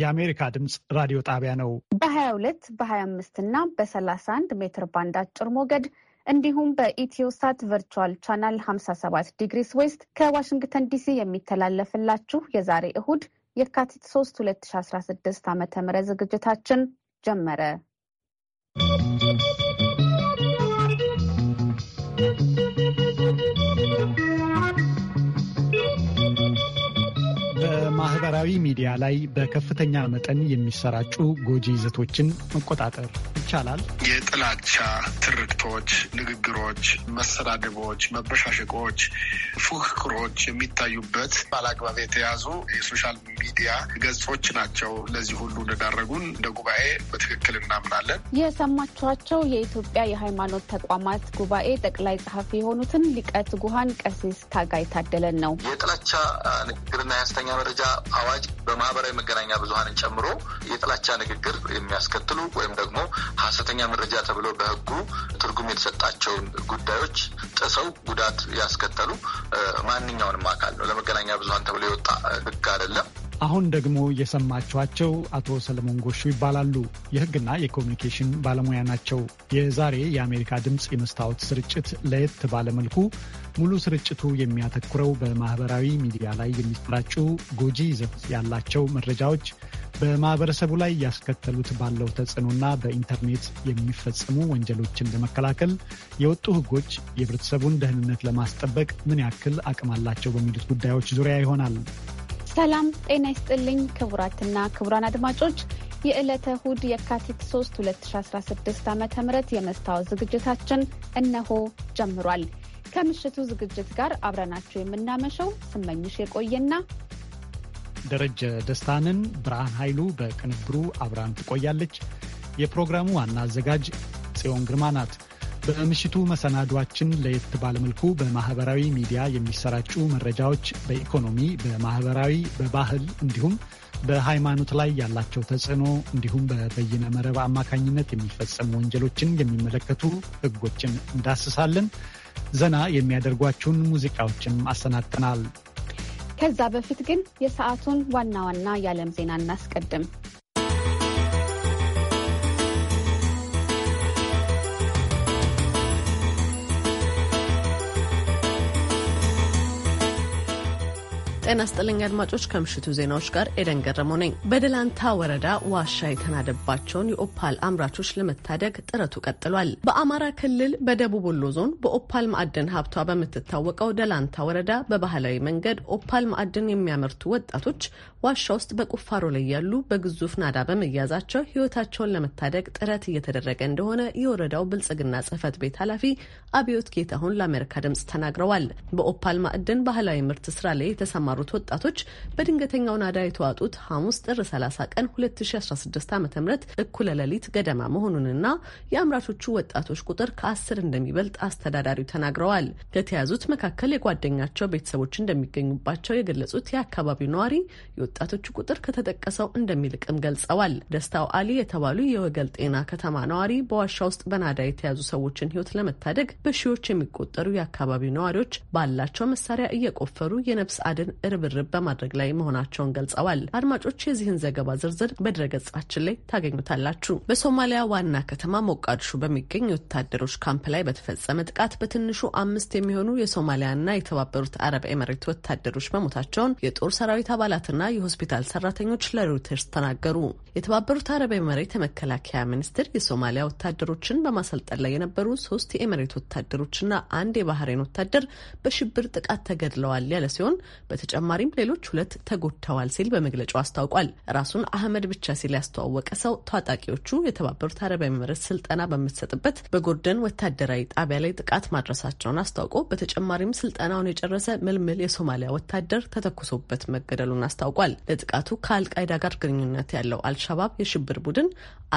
የአሜሪካ ድምፅ ራዲዮ ጣቢያ ነው። በ22 በ25 እና በ31 ሜትር ባንድ አጭር ሞገድ እንዲሁም በኢትዮሳት ቨርቹዋል ቻናል 57 ዲግሪስ ዌስት ከዋሽንግተን ዲሲ የሚተላለፍላችሁ የዛሬ እሁድ የካቲት 3 2016 ዓ ም ዝግጅታችን ጀመረ። ማህበራዊ ሚዲያ ላይ በከፍተኛ መጠን የሚሰራጩ ጎጂ ይዘቶችን መቆጣጠር ይቻላል? የጥላቻ ትርክቶች፣ ንግግሮች፣ መሰዳደቦች፣ መበሻሸቆች፣ ፉክክሮች የሚታዩበት ባላግባብ የተያዙ የሶሻል ሚዲያ ገጾች ናቸው ለዚህ ሁሉ እንደዳረጉን እንደ ጉባኤ በትክክል እናምናለን። የሰማችኋቸው የኢትዮጵያ የሃይማኖት ተቋማት ጉባኤ ጠቅላይ ጸሐፊ የሆኑትን ሊቀ ትጉሃን ቀሲስ ታጋይ ታደለን ነው። የጥላቻ ንግግርና የሐሰተኛ መረጃ አዋጅ በማህበራዊ መገናኛ ብዙሀንን ጨምሮ የጥላቻ ንግግር የሚያስከትሉ ወይም ደግሞ ሀሰተኛ መረጃ ተብሎ በህጉ ትርጉም የተሰጣቸውን ጉዳዮች ጥሰው ጉዳት ያስከተሉ ማንኛውንም አካል ነው። ለመገናኛ ብዙሀን ተብሎ የወጣ ህግ አይደለም። አሁን ደግሞ የሰማችኋቸው አቶ ሰለሞን ጎሹ ይባላሉ። የሕግና የኮሚኒኬሽን ባለሙያ ናቸው። የዛሬ የአሜሪካ ድምፅ የመስታወት ስርጭት ለየት ባለመልኩ ሙሉ ስርጭቱ የሚያተኩረው በማህበራዊ ሚዲያ ላይ የሚሰራጩ ጎጂ ይዘት ያላቸው መረጃዎች በማህበረሰቡ ላይ ያስከተሉት ባለው ተጽዕኖና በኢንተርኔት የሚፈጸሙ ወንጀሎችን ለመከላከል የወጡ ህጎች የህብረተሰቡን ደህንነት ለማስጠበቅ ምን ያክል አቅም አላቸው በሚሉት ጉዳዮች ዙሪያ ይሆናል። ሰላም ጤና ይስጥልኝ ክቡራትና ክቡራን አድማጮች የዕለተ እሁድ የካቲት 3 2016 ዓ ም የመስታወት ዝግጅታችን እነሆ ጀምሯል። ከምሽቱ ዝግጅት ጋር አብረናቸው የምናመሸው ስመኝሽ የቆየና ደረጀ ደስታንን ብርሃን ኃይሉ በቅንብሩ አብራን ትቆያለች። የፕሮግራሙ ዋና አዘጋጅ ጽዮን ግርማ ናት። በምሽቱ መሰናዷችን ለየት ባለመልኩ በማህበራዊ ሚዲያ የሚሰራጩ መረጃዎች በኢኮኖሚ፣ በማህበራዊ፣ በባህል እንዲሁም በሃይማኖት ላይ ያላቸው ተጽዕኖ እንዲሁም በበይነ መረብ አማካኝነት የሚፈጸሙ ወንጀሎችን የሚመለከቱ ሕጎችን እንዳስሳለን። ዘና የሚያደርጓችሁን ሙዚቃዎችም አሰናድተናል። ከዛ በፊት ግን የሰዓቱን ዋና ዋና የዓለም ዜና እናስቀድም። ጤና ስጥልኝ አድማጮች፣ ከምሽቱ ዜናዎች ጋር ኤደን ገረመው ነኝ። በደላንታ ወረዳ ዋሻ የተናደባቸውን የኦፓል አምራቾች ለመታደግ ጥረቱ ቀጥሏል። በአማራ ክልል በደቡብ ወሎ ዞን በኦፓል ማዕድን ሀብቷ በምትታወቀው ደላንታ ወረዳ በባህላዊ መንገድ ኦፓል ማዕድን የሚያመርቱ ወጣቶች ዋሻ ውስጥ በቁፋሮ ላይ ያሉ በግዙፍ ናዳ በመያዛቸው ሕይወታቸውን ለመታደግ ጥረት እየተደረገ እንደሆነ የወረዳው ብልጽግና ጽህፈት ቤት ኃላፊ አብዮት ጌታሁን ለአሜሪካ ድምጽ ተናግረዋል። በኦፓል ማዕድን ባህላዊ ምርት ስራ ላይ የተሰማሩ የነበሩት ወጣቶች በድንገተኛው ናዳ የተዋጡት ሐሙስ ጥር 30 ቀን 2016 ዓ ም እኩለ ሌሊት ገደማ መሆኑንና የአምራቾቹ ወጣቶች ቁጥር ከአስር እንደሚበልጥ አስተዳዳሪው ተናግረዋል። ከተያዙት መካከል የጓደኛቸው ቤተሰቦች እንደሚገኙባቸው የገለጹት የአካባቢው ነዋሪ የወጣቶቹ ቁጥር ከተጠቀሰው እንደሚልቅም ገልጸዋል። ደስታው አሊ የተባሉ የወገል ጤና ከተማ ነዋሪ በዋሻ ውስጥ በናዳ የተያዙ ሰዎችን ህይወት ለመታደግ በሺዎች የሚቆጠሩ የአካባቢው ነዋሪዎች ባላቸው መሳሪያ እየቆፈሩ የነፍስ አድን ርብርብ በማድረግ ላይ መሆናቸውን ገልጸዋል። አድማጮች የዚህን ዘገባ ዝርዝር በድረገጻችን ላይ ታገኙታላችሁ። በሶማሊያ ዋና ከተማ ሞቃዲሾ በሚገኝ የወታደሮች ካምፕ ላይ በተፈጸመ ጥቃት በትንሹ አምስት የሚሆኑ የሶማሊያና የተባበሩት አረብ ኤምሬት ወታደሮች መሞታቸውን የጦር ሰራዊት አባላትና የሆስፒታል ሰራተኞች ለሮይተርስ ተናገሩ። የተባበሩት አረብ ኤምሬት የመከላከያ ሚኒስትር የሶማሊያ ወታደሮችን በማሰልጠን ላይ የነበሩ ሶስት የኤምሬት ወታደሮችና አንድ የባህሬን ወታደር በሽብር ጥቃት ተገድለዋል ያለ ሲሆን በተጨማሪም ሌሎች ሁለት ተጎድተዋል ሲል በመግለጫው አስታውቋል። ራሱን አህመድ ብቻ ሲል ያስተዋወቀ ሰው ታጣቂዎቹ የተባበሩት አረብ ኤሚሬትስ ስልጠና በምትሰጥበት በጎርደን ወታደራዊ ጣቢያ ላይ ጥቃት ማድረሳቸውን አስታውቆ በተጨማሪም ስልጠናውን የጨረሰ ምልምል የሶማሊያ ወታደር ተተኩሶበት መገደሉን አስታውቋል። ለጥቃቱ ከአልቃይዳ ጋር ግንኙነት ያለው አልሻባብ የሽብር ቡድን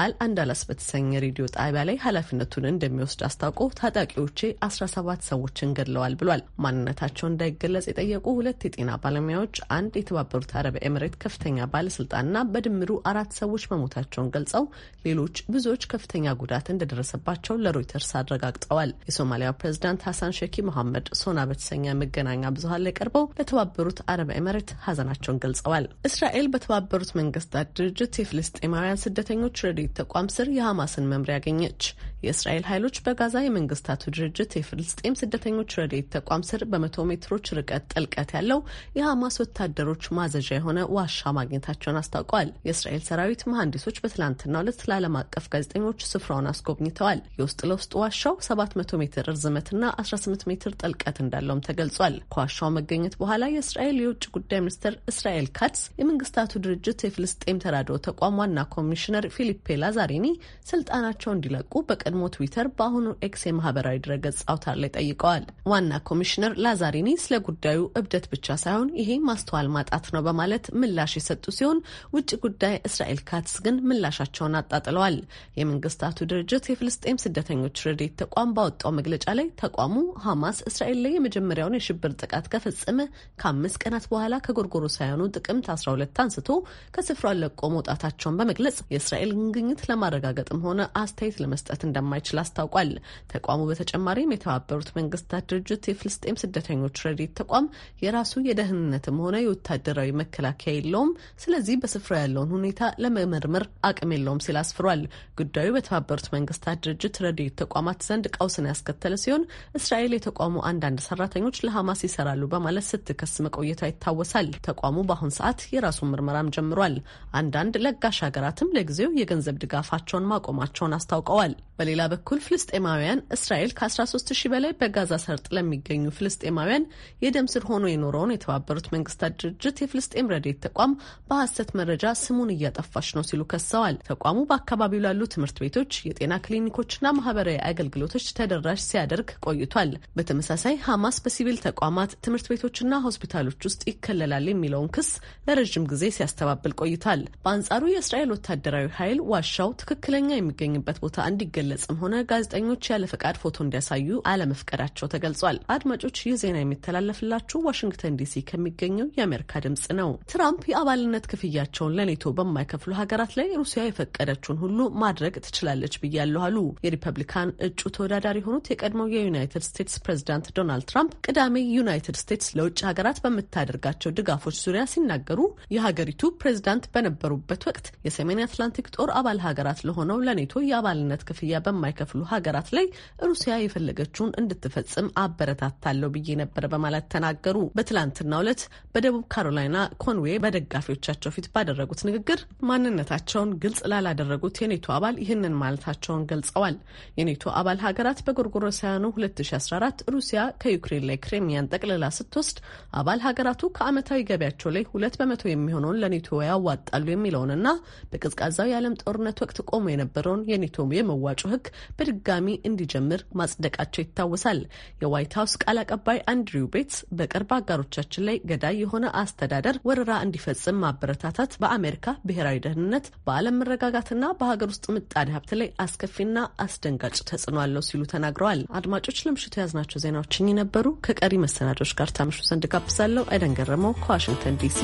አል አንዳላስ በተሰኘ ሬዲዮ ጣቢያ ላይ ኃላፊነቱን እንደሚወስድ አስታውቆ ታጣቂዎቼ 17 ሰዎችን ገድለዋል ብሏል። ማንነታቸው እንዳይገለጽ የጠየቁ ሁለት የጤና ባለሙያዎች አንድ የተባበሩት አረብ ኤምሬት ከፍተኛ ባለስልጣንና በድምሩ አራት ሰዎች መሞታቸውን ገልጸው ሌሎች ብዙዎች ከፍተኛ ጉዳት እንደደረሰባቸው ለሮይተርስ አረጋግጠዋል። የሶማሊያው ፕሬዚዳንት ሀሳን ሼኪ መሐመድ ሶና በተሰኘ መገናኛ ብዙሀን ላይ ቀርበው ለተባበሩት አረብ ኤምሬት ሀዘናቸውን ገልጸዋል። እስራኤል በተባበሩት መንግስታት ድርጅት የፍልስጤማውያን ስደተኞች ረድኤት ተቋም ስር የሐማስን መምሪያ አገኘች። የእስራኤል ኃይሎች በጋዛ የመንግስታቱ ድርጅት የፍልስጤም ስደተኞች ረድኤት ተቋም ስር በመቶ ሜትሮች ርቀት ጥልቀት ያለው የሐማስ ወታደሮች ማዘዣ የሆነ ዋሻ ማግኘታቸውን አስታውቀዋል። የእስራኤል ሰራዊት መሐንዲሶች በትላንትና ሁለት ለዓለም አቀፍ ጋዜጠኞች ስፍራውን አስጎብኝተዋል። የውስጥ ለውስጥ ዋሻው 700 ሜትር ርዝመትና 18 ሜትር ጥልቀት እንዳለውም ተገልጿል። ከዋሻው መገኘት በኋላ የእስራኤል የውጭ ጉዳይ ሚኒስትር እስራኤል ካትስ የመንግስታቱ ድርጅት የፍልስጤም ተራድኦ ተቋም ዋና ኮሚሽነር ፊሊፔ ላዛሪኒ ስልጣናቸው እንዲለቁ በቀ በቀድሞ ትዊተር በአሁኑ ኤክስ የማህበራዊ ድረገጽ አውታር ላይ ጠይቀዋል። ዋና ኮሚሽነር ላዛሪኒ ስለ ጉዳዩ እብደት ብቻ ሳይሆን ይሄ ማስተዋል ማጣት ነው በማለት ምላሽ የሰጡ ሲሆን ውጭ ጉዳይ እስራኤል ካትስ ግን ምላሻቸውን አጣጥለዋል። የመንግስታቱ ድርጅት የፍልስጤም ስደተኞች ረዴት ተቋም ባወጣው መግለጫ ላይ ተቋሙ ሐማስ እስራኤል ላይ የመጀመሪያውን የሽብር ጥቃት ከፈጸመ ከአምስት ቀናት በኋላ ከጎርጎሮ ሳያኑ ጥቅምት 12 አንስቶ ከስፍራው ለቆ መውጣታቸውን በመግለጽ የእስራኤል ግኝት ለማረጋገጥም ሆነ አስተያየት ለመስጠት እንደማይችል አስታውቋል። ተቋሙ በተጨማሪም የተባበሩት መንግስታት ድርጅት የፍልስጤም ስደተኞች ረድኤት ተቋም የራሱ የደህንነትም ሆነ የወታደራዊ መከላከያ የለውም፣ ስለዚህ በስፍራው ያለውን ሁኔታ ለመመርመር አቅም የለውም ሲል አስፍሯል። ጉዳዩ በተባበሩት መንግስታት ድርጅት ረድኤት ተቋማት ዘንድ ቀውስን ያስከተለ ሲሆን እስራኤል የተቋሙ አንዳንድ ሰራተኞች ለሐማስ ይሰራሉ በማለት ስትከስ መቆየቷ ይታወሳል። ተቋሙ በአሁን ሰዓት የራሱን ምርመራም ጀምሯል። አንዳንድ ለጋሽ ሀገራትም ለጊዜው የገንዘብ ድጋፋቸውን ማቆማቸውን አስታውቀዋል። በሌላ በኩል ፍልስጤማውያን እስራኤል ከ13 ሺህ በላይ በጋዛ ሰርጥ ለሚገኙ ፍልስጤማውያን የደም ስር ሆኖ የኖረውን የተባበሩት መንግስታት ድርጅት የፍልስጤም ረዴት ተቋም በሐሰት መረጃ ስሙን እያጠፋች ነው ሲሉ ከሰዋል። ተቋሙ በአካባቢው ላሉ ትምህርት ቤቶች፣ የጤና ክሊኒኮችና ማህበራዊ አገልግሎቶች ተደራሽ ሲያደርግ ቆይቷል። በተመሳሳይ ሐማስ በሲቪል ተቋማት፣ ትምህርት ቤቶችና ሆስፒታሎች ውስጥ ይከለላል የሚለውን ክስ ለረዥም ጊዜ ሲያስተባብል ቆይቷል። በአንጻሩ የእስራኤል ወታደራዊ ኃይል ዋሻው ትክክለኛ የሚገኝበት ቦታ እንዲገ እንደሚገለጽም ሆነ ጋዜጠኞች ያለ ፈቃድ ፎቶ እንዲያሳዩ አለመፍቀዳቸው ተገልጿል። አድማጮች ይህ ዜና የሚተላለፍላችሁ ዋሽንግተን ዲሲ ከሚገኘው የአሜሪካ ድምጽ ነው። ትራምፕ የአባልነት ክፍያቸውን ለኔቶ በማይከፍሉ ሀገራት ላይ ሩሲያ የፈቀደችውን ሁሉ ማድረግ ትችላለች ብያለሁ አሉ። የሪፐብሊካን እጩ ተወዳዳሪ የሆኑት የቀድሞው የዩናይትድ ስቴትስ ፕሬዚዳንት ዶናልድ ትራምፕ ቅዳሜ ዩናይትድ ስቴትስ ለውጭ ሀገራት በምታደርጋቸው ድጋፎች ዙሪያ ሲናገሩ የሀገሪቱ ፕሬዚዳንት በነበሩበት ወቅት የሰሜን አትላንቲክ ጦር አባል ሀገራት ለሆነው ለኔቶ የአባልነት ክፍያ ክፍያ በማይከፍሉ ሀገራት ላይ ሩሲያ የፈለገችውን እንድትፈጽም አበረታታለሁ ብዬ ነበር በማለት ተናገሩ። በትላንትናው ዕለት በደቡብ ካሮላይና ኮንዌ በደጋፊዎቻቸው ፊት ባደረጉት ንግግር ማንነታቸውን ግልጽ ላላደረጉት የኔቶ አባል ይህንን ማለታቸውን ገልጸዋል። የኔቶ አባል ሀገራት በጎርጎሮሳውያኑ 2014 ሩሲያ ከዩክሬን ላይ ክሬሚያን ጠቅልላ ስትወስድ አባል ሀገራቱ ከዓመታዊ ገቢያቸው ላይ ሁለት በመቶ የሚሆነውን ለኔቶ ያዋጣሉ የሚለውንና በቀዝቃዛው የዓለም ጦርነት ወቅት ቆሞ የነበረውን የኔቶ የመዋጮ አዲሱ ህግ በድጋሚ እንዲጀምር ማጽደቃቸው ይታወሳል። የዋይት ሀውስ ቃል አቀባይ አንድሪው ቤትስ በቅርብ አጋሮቻችን ላይ ገዳይ የሆነ አስተዳደር ወረራ እንዲፈጽም ማበረታታት በአሜሪካ ብሔራዊ ደህንነት፣ በዓለም መረጋጋትና በሀገር ውስጥ ምጣኔ ሀብት ላይ አስከፊና አስደንጋጭ ተጽዕኖ አለው ሲሉ ተናግረዋል። አድማጮች ለምሽቱ የያዝናቸው ዜናዎች እኚህ ነበሩ። ከቀሪ መሰናዶች ጋር ታምሹ ዘንድ ጋብዛለሁ። አይደን ገረመው ከዋሽንግተን ዲሲ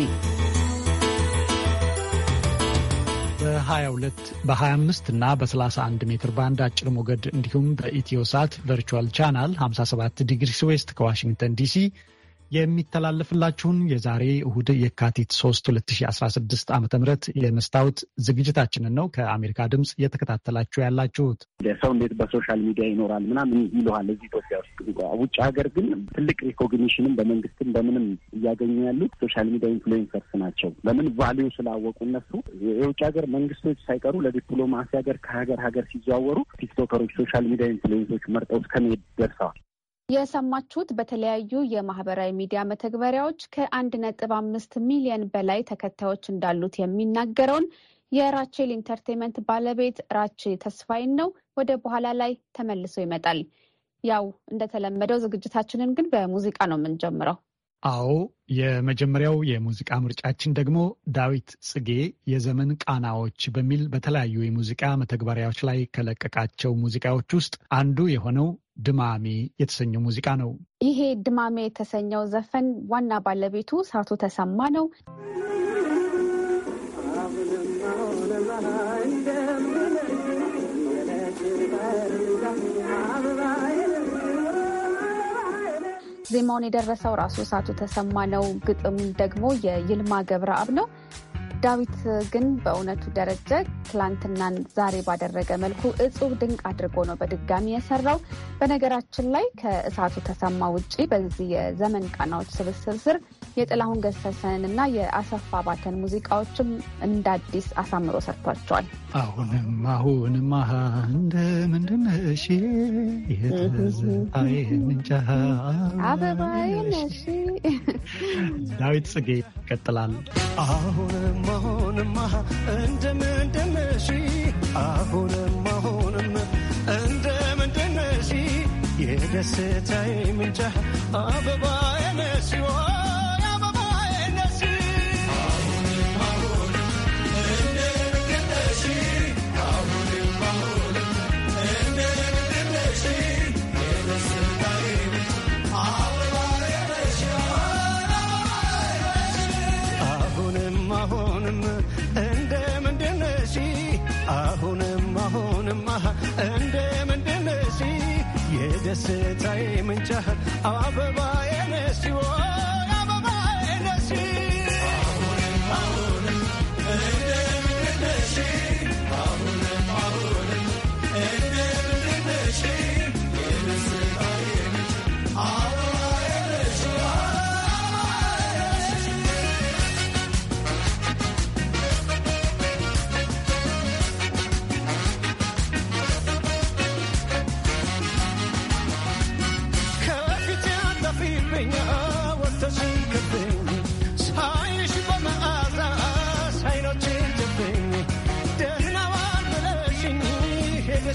በ22 በ25 እና በ31 ሜትር ባንድ አጭር ሞገድ እንዲሁም በኢትዮ ሳት ቨርቹዋል ቻናል 57 ዲግሪስ ዌስት ከዋሽንግተን ዲሲ የሚተላለፍላችሁን የዛሬ እሁድ የካቲት 3 2016 ዓ ም የመስታወት ዝግጅታችንን ነው ከአሜሪካ ድምፅ እየተከታተላችሁ ያላችሁት። ሰው እንዴት በሶሻል ሚዲያ ይኖራል ምናምን ይለዋል እዚህ ኢትዮጵያ ውስጥ። ውጭ ሀገር ግን ትልቅ ሪኮግኒሽንም በመንግስትም በምንም እያገኙ ያሉት ሶሻል ሚዲያ ኢንፍሉዌንሰርስ ናቸው። ለምን ቫሊዩ ስላወቁ እነሱ የውጭ ሀገር መንግስቶች ሳይቀሩ ለዲፕሎማሲ ሀገር ከሀገር ሀገር ሲዘዋወሩ ቲክቶከሮች፣ ሶሻል ሚዲያ ኢንፍሉዌንሶች መርጠው እስከመሄድ ደርሰዋል። የሰማችሁት በተለያዩ የማህበራዊ ሚዲያ መተግበሪያዎች ከአንድ ነጥብ አምስት ሚሊዮን በላይ ተከታዮች እንዳሉት የሚናገረውን የራቼል ኢንተርቴንመንት ባለቤት ራቼ ተስፋይን ነው። ወደ በኋላ ላይ ተመልሶ ይመጣል። ያው እንደተለመደው ዝግጅታችንን ግን በሙዚቃ ነው የምንጀምረው። አዎ፣ የመጀመሪያው የሙዚቃ ምርጫችን ደግሞ ዳዊት ጽጌ የዘመን ቃናዎች በሚል በተለያዩ የሙዚቃ መተግበሪያዎች ላይ ከለቀቃቸው ሙዚቃዎች ውስጥ አንዱ የሆነው ድማሜ የተሰኘው ሙዚቃ ነው። ይሄ ድማሜ የተሰኘው ዘፈን ዋና ባለቤቱ ሳቱ ተሰማ ነው። ዜማውን የደረሰው ራሱ ሳቱ ተሰማ ነው። ግጥም ደግሞ የይልማ ገብረአብ ነው። ዳዊት ግን በእውነቱ ደረጀ ትላንትናን ዛሬ ባደረገ መልኩ እጹብ ድንቅ አድርጎ ነው በድጋሚ የሰራው። በነገራችን ላይ ከእሳቱ ተሰማ ውጪ በዚህ የዘመን ቃናዎች ስብስብ ስር የጥላሁን ገሰሰን እና የአሰፋ ባተን ሙዚቃዎችም እንደ አዲስ አሳምሮ ሰርቷቸዋል። አሁንም አሁንማ እንደ ምንድን እሺ ምንጫ አበባዬ ዳዊት ጽጌ ይቀጥላል። አሁንም መሆንማ እንደምንድነሽ አሁንማ አሁንም እንደምንድነሽ የደስታዬ ምንጭ አበባ ነሽ አሁንም አሁንማ እንደ ምንድን የደስታዬ ምንጫ አበባዬ ነሽ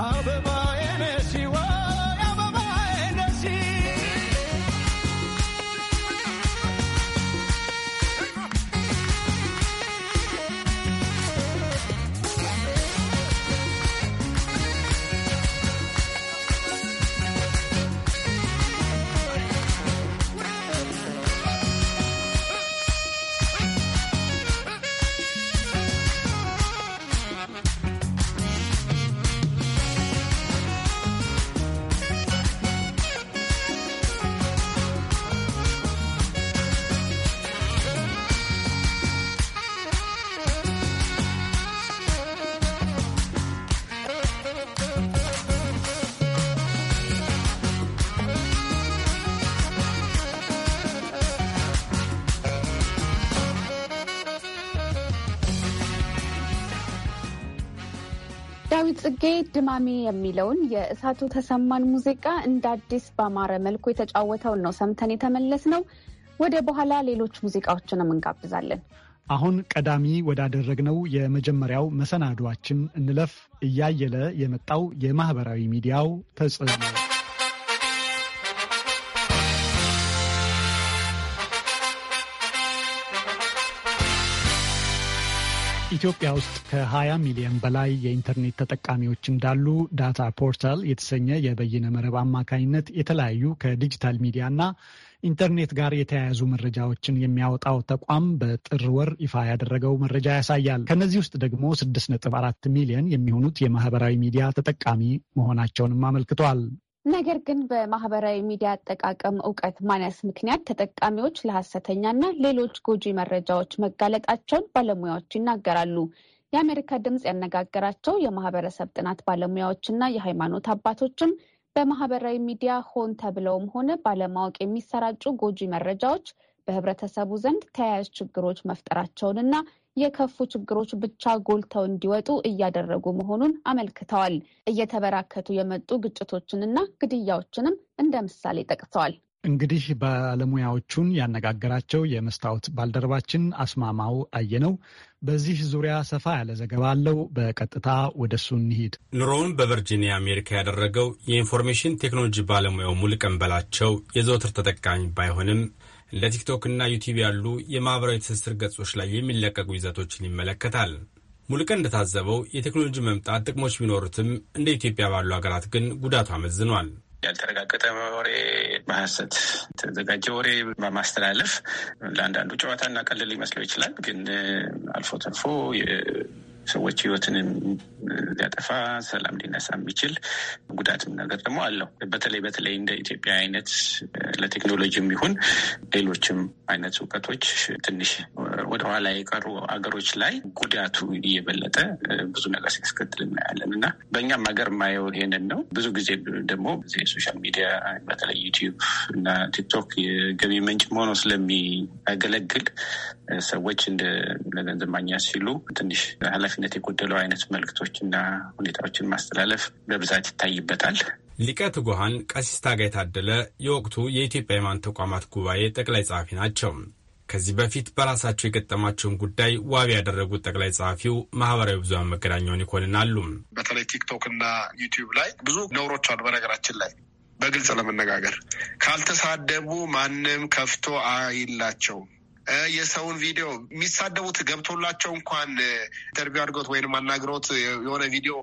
Ave Maria. ጽጌ ድማሜ የሚለውን የእሳቱ ተሰማን ሙዚቃ እንደ አዲስ በአማረ መልኩ የተጫወተውን ነው ሰምተን የተመለስ ነው። ወደ በኋላ ሌሎች ሙዚቃዎችንም እንጋብዛለን። አሁን ቀዳሚ ወዳደረግነው የመጀመሪያው መሰናዷችን እንለፍ። እያየለ የመጣው የማህበራዊ ሚዲያው ተጽዕኖ ኢትዮጵያ ውስጥ ከ20 ሚሊዮን በላይ የኢንተርኔት ተጠቃሚዎች እንዳሉ ዳታ ፖርታል የተሰኘ የበይነ መረብ አማካኝነት የተለያዩ ከዲጂታል ሚዲያ እና ኢንተርኔት ጋር የተያያዙ መረጃዎችን የሚያወጣው ተቋም በጥር ወር ይፋ ያደረገው መረጃ ያሳያል። ከነዚህ ውስጥ ደግሞ 6.4 ሚሊዮን የሚሆኑት የማህበራዊ ሚዲያ ተጠቃሚ መሆናቸውንም አመልክቷል። ነገር ግን በማህበራዊ ሚዲያ አጠቃቀም እውቀት ማነስ ምክንያት ተጠቃሚዎች ለሀሰተኛና ሌሎች ጎጂ መረጃዎች መጋለጣቸውን ባለሙያዎች ይናገራሉ። የአሜሪካ ድምፅ ያነጋገራቸው የማህበረሰብ ጥናት ባለሙያዎችና የሃይማኖት አባቶችም በማህበራዊ ሚዲያ ሆን ተብለውም ሆነ ባለማወቅ የሚሰራጩ ጎጂ መረጃዎች በህብረተሰቡ ዘንድ ተያያዥ ችግሮች መፍጠራቸውንና የከፉ ችግሮች ብቻ ጎልተው እንዲወጡ እያደረጉ መሆኑን አመልክተዋል። እየተበራከቱ የመጡ ግጭቶችንና ግድያዎችንም እንደ ምሳሌ ጠቅሰዋል። እንግዲህ ባለሙያዎቹን ያነጋገራቸው የመስታወት ባልደረባችን አስማማው አየነው በዚህ ዙሪያ ሰፋ ያለ ዘገባ አለው። በቀጥታ ወደ እሱ እንሂድ። ኑሮውን በቨርጂኒያ አሜሪካ ያደረገው የኢንፎርሜሽን ቴክኖሎጂ ባለሙያው ሙልቀን በላቸው የዘወትር ተጠቃሚ ባይሆንም እንደ ቲክቶክ እና ዩቲዩብ ያሉ የማኅበራዊ ትስስር ገጾች ላይ የሚለቀቁ ይዘቶችን ይመለከታል። ሙልቀን እንደታዘበው የቴክኖሎጂ መምጣት ጥቅሞች ቢኖሩትም እንደ ኢትዮጵያ ባሉ ሀገራት ግን ጉዳቱ አመዝኗል። ያልተረጋገጠ ወሬ በሀሰት የተዘጋጀ ወሬ በማስተላለፍ ለአንዳንዱ ጨዋታና ቀልል ሊመስለው ይችላል። ግን አልፎ ተርፎ ሰዎች ህይወትንም ሊያጠፋ ሰላም ሊነሳ የሚችል ጉዳትም ነገር ደግሞ አለው። በተለይ በተለይ እንደ ኢትዮጵያ አይነት ለቴክኖሎጂም ይሁን ሌሎችም አይነት እውቀቶች ትንሽ ወደኋላ የቀሩ አገሮች ላይ ጉዳቱ እየበለጠ ብዙ ነገር ሲያስከትል እናያለን እና በእኛም ሀገር ማየው ይሄንን ነው። ብዙ ጊዜ ደግሞ የሶሻል ሚዲያ በተለይ ዩቲዩብ እና ቲክቶክ የገቢ ምንጭ ሆኖ ስለሚያገለግል ሰዎች እንደ ለገንዘብ ማግኛ ሲሉ ትንሽ ኃላፊነት የጎደለው አይነት መልእክቶችና ሁኔታዎችን ማስተላለፍ በብዛት ይታይበታል። ሊቀ ትጉሃን ቀሲስ ታጋይ ታደለ የወቅቱ የኢትዮጵያ ሃይማኖት ተቋማት ጉባኤ ጠቅላይ ጸሐፊ ናቸው። ከዚህ በፊት በራሳቸው የገጠማቸውን ጉዳይ ዋቢ ያደረጉት ጠቅላይ ጸሐፊው ማህበራዊ ብዙሃን መገናኛውን ይኮንናሉ። በተለይ ቲክቶክ እና ዩቲዩብ ላይ ብዙ ነውሮች አሉ። በነገራችን ላይ በግልጽ ለመነጋገር ካልተሳደቡ ማንም ከፍቶ አይላቸውም። የሰውን ቪዲዮ የሚሳደቡት ገብቶላቸው እንኳን ኢንተርቪው አድርገውት ወይም አናግረውት የሆነ ቪዲዮ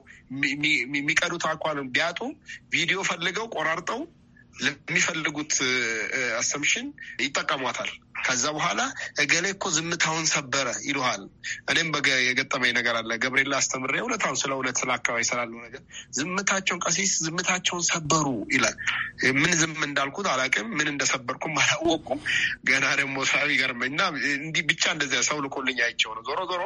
የሚቀዱት አኳን ቢያጡ ቪዲዮ ፈልገው ቆራርጠው ለሚፈልጉት አሰምሽን ይጠቀሟታል። ከዛ በኋላ እገሌ እኮ ዝምታውን ሰበረ ይሉሃል። እኔም የገጠመኝ ነገር አለ። ገብርኤል አስተምሬ እውነታውን ስለ እውነት ስለ አካባቢ ስላለው ነገር ዝምታቸውን ቀሲስ ዝምታቸውን ሰበሩ ይላል። ምን ዝም እንዳልኩት አላውቅም፣ ምን እንደሰበርኩም አላወቁም። ገና ደግሞ ሰብ ይገርመኝ እና እንዲህ ብቻ እንደዚ ሰው ልኮልኝ አይቸው ነው። ዞሮ ዞሮ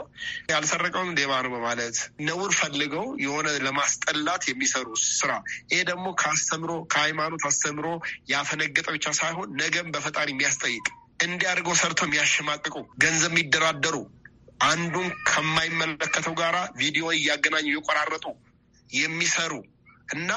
ያልሰረቀውን ሌባ ነው በማለት ነውር ፈልገው የሆነ ለማስጠላት የሚሰሩ ስራ ይሄ ደግሞ ከአስተምሮ ከሃይማኖት አስተምሮ አእምሮ ያፈነገጠ ብቻ ሳይሆን ነገም በፈጣሪ የሚያስጠይቅ እንዲያደርገው ሰርተው የሚያሸማቅቁ ገንዘብ የሚደራደሩ አንዱን ከማይመለከተው ጋራ ቪዲዮ እያገናኙ የቆራረጡ የሚሰሩ እና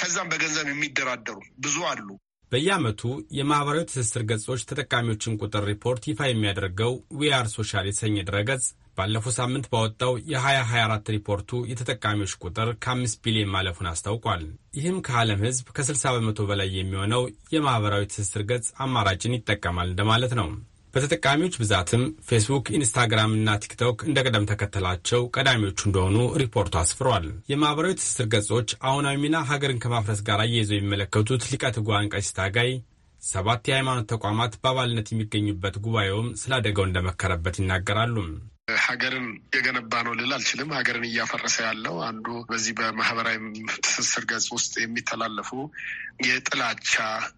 ከዛም በገንዘብ የሚደራደሩ ብዙ አሉ። በየዓመቱ የማህበራዊ ትስስር ገጾች ተጠቃሚዎችን ቁጥር ሪፖርት ይፋ የሚያደርገው ዊአር ሶሻል የተሰኘ ድረገጽ ባለፈው ሳምንት ባወጣው የ2024 ሪፖርቱ የተጠቃሚዎች ቁጥር ከ5 ቢሊዮን ማለፉን አስታውቋል። ይህም ከዓለም ሕዝብ ከ60 በመቶ በላይ የሚሆነው የማኅበራዊ ትስስር ገጽ አማራጭን ይጠቀማል እንደማለት ነው። በተጠቃሚዎች ብዛትም ፌስቡክ፣ ኢንስታግራም እና ቲክቶክ እንደ ቅደም ተከተላቸው ቀዳሚዎቹ እንደሆኑ ሪፖርቱ አስፍሯል። የማኅበራዊ ትስስር ገጾች አሁናዊ ሚና ሀገርን ከማፍረስ ጋር አያይዘው የሚመለከቱት ሊቀ ትጉሃን ቀሲስ ታጋይ ሰባት የሃይማኖት ተቋማት በአባልነት የሚገኙበት ጉባኤውም ስላደገው እንደመከረበት ይናገራሉ። ሀገርን የገነባ ነው ልል አልችልም። ሀገርን እያፈረሰ ያለው አንዱ በዚህ በማህበራዊ ትስስር ገጽ ውስጥ የሚተላለፉ የጥላቻ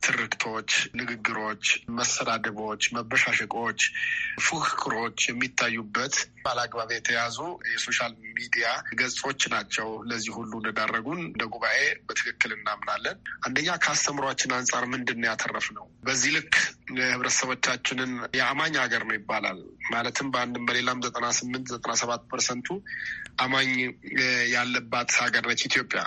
ትርክቶች፣ ንግግሮች፣ መሰዳደቦች፣ መበሻሸቆች፣ ፉክክሮች የሚታዩበት ባላግባብ የተያዙ የሶሻል ሚዲያ ገጾች ናቸው። ለዚህ ሁሉ እንደዳረጉን እንደ ጉባኤ በትክክል እናምናለን። አንደኛ ከአስተምሯችን አንጻር ምንድን ነው በዚህ ልክ ህብረተሰቦቻችንን የአማኝ ሀገር ነው ይባላል ማለትም በአንድም በሌላም ዘጠና ስምንት ዘጠና ሰባት ፐርሰንቱ አማኝ ያለባት ሀገር ነች ኢትዮጵያ።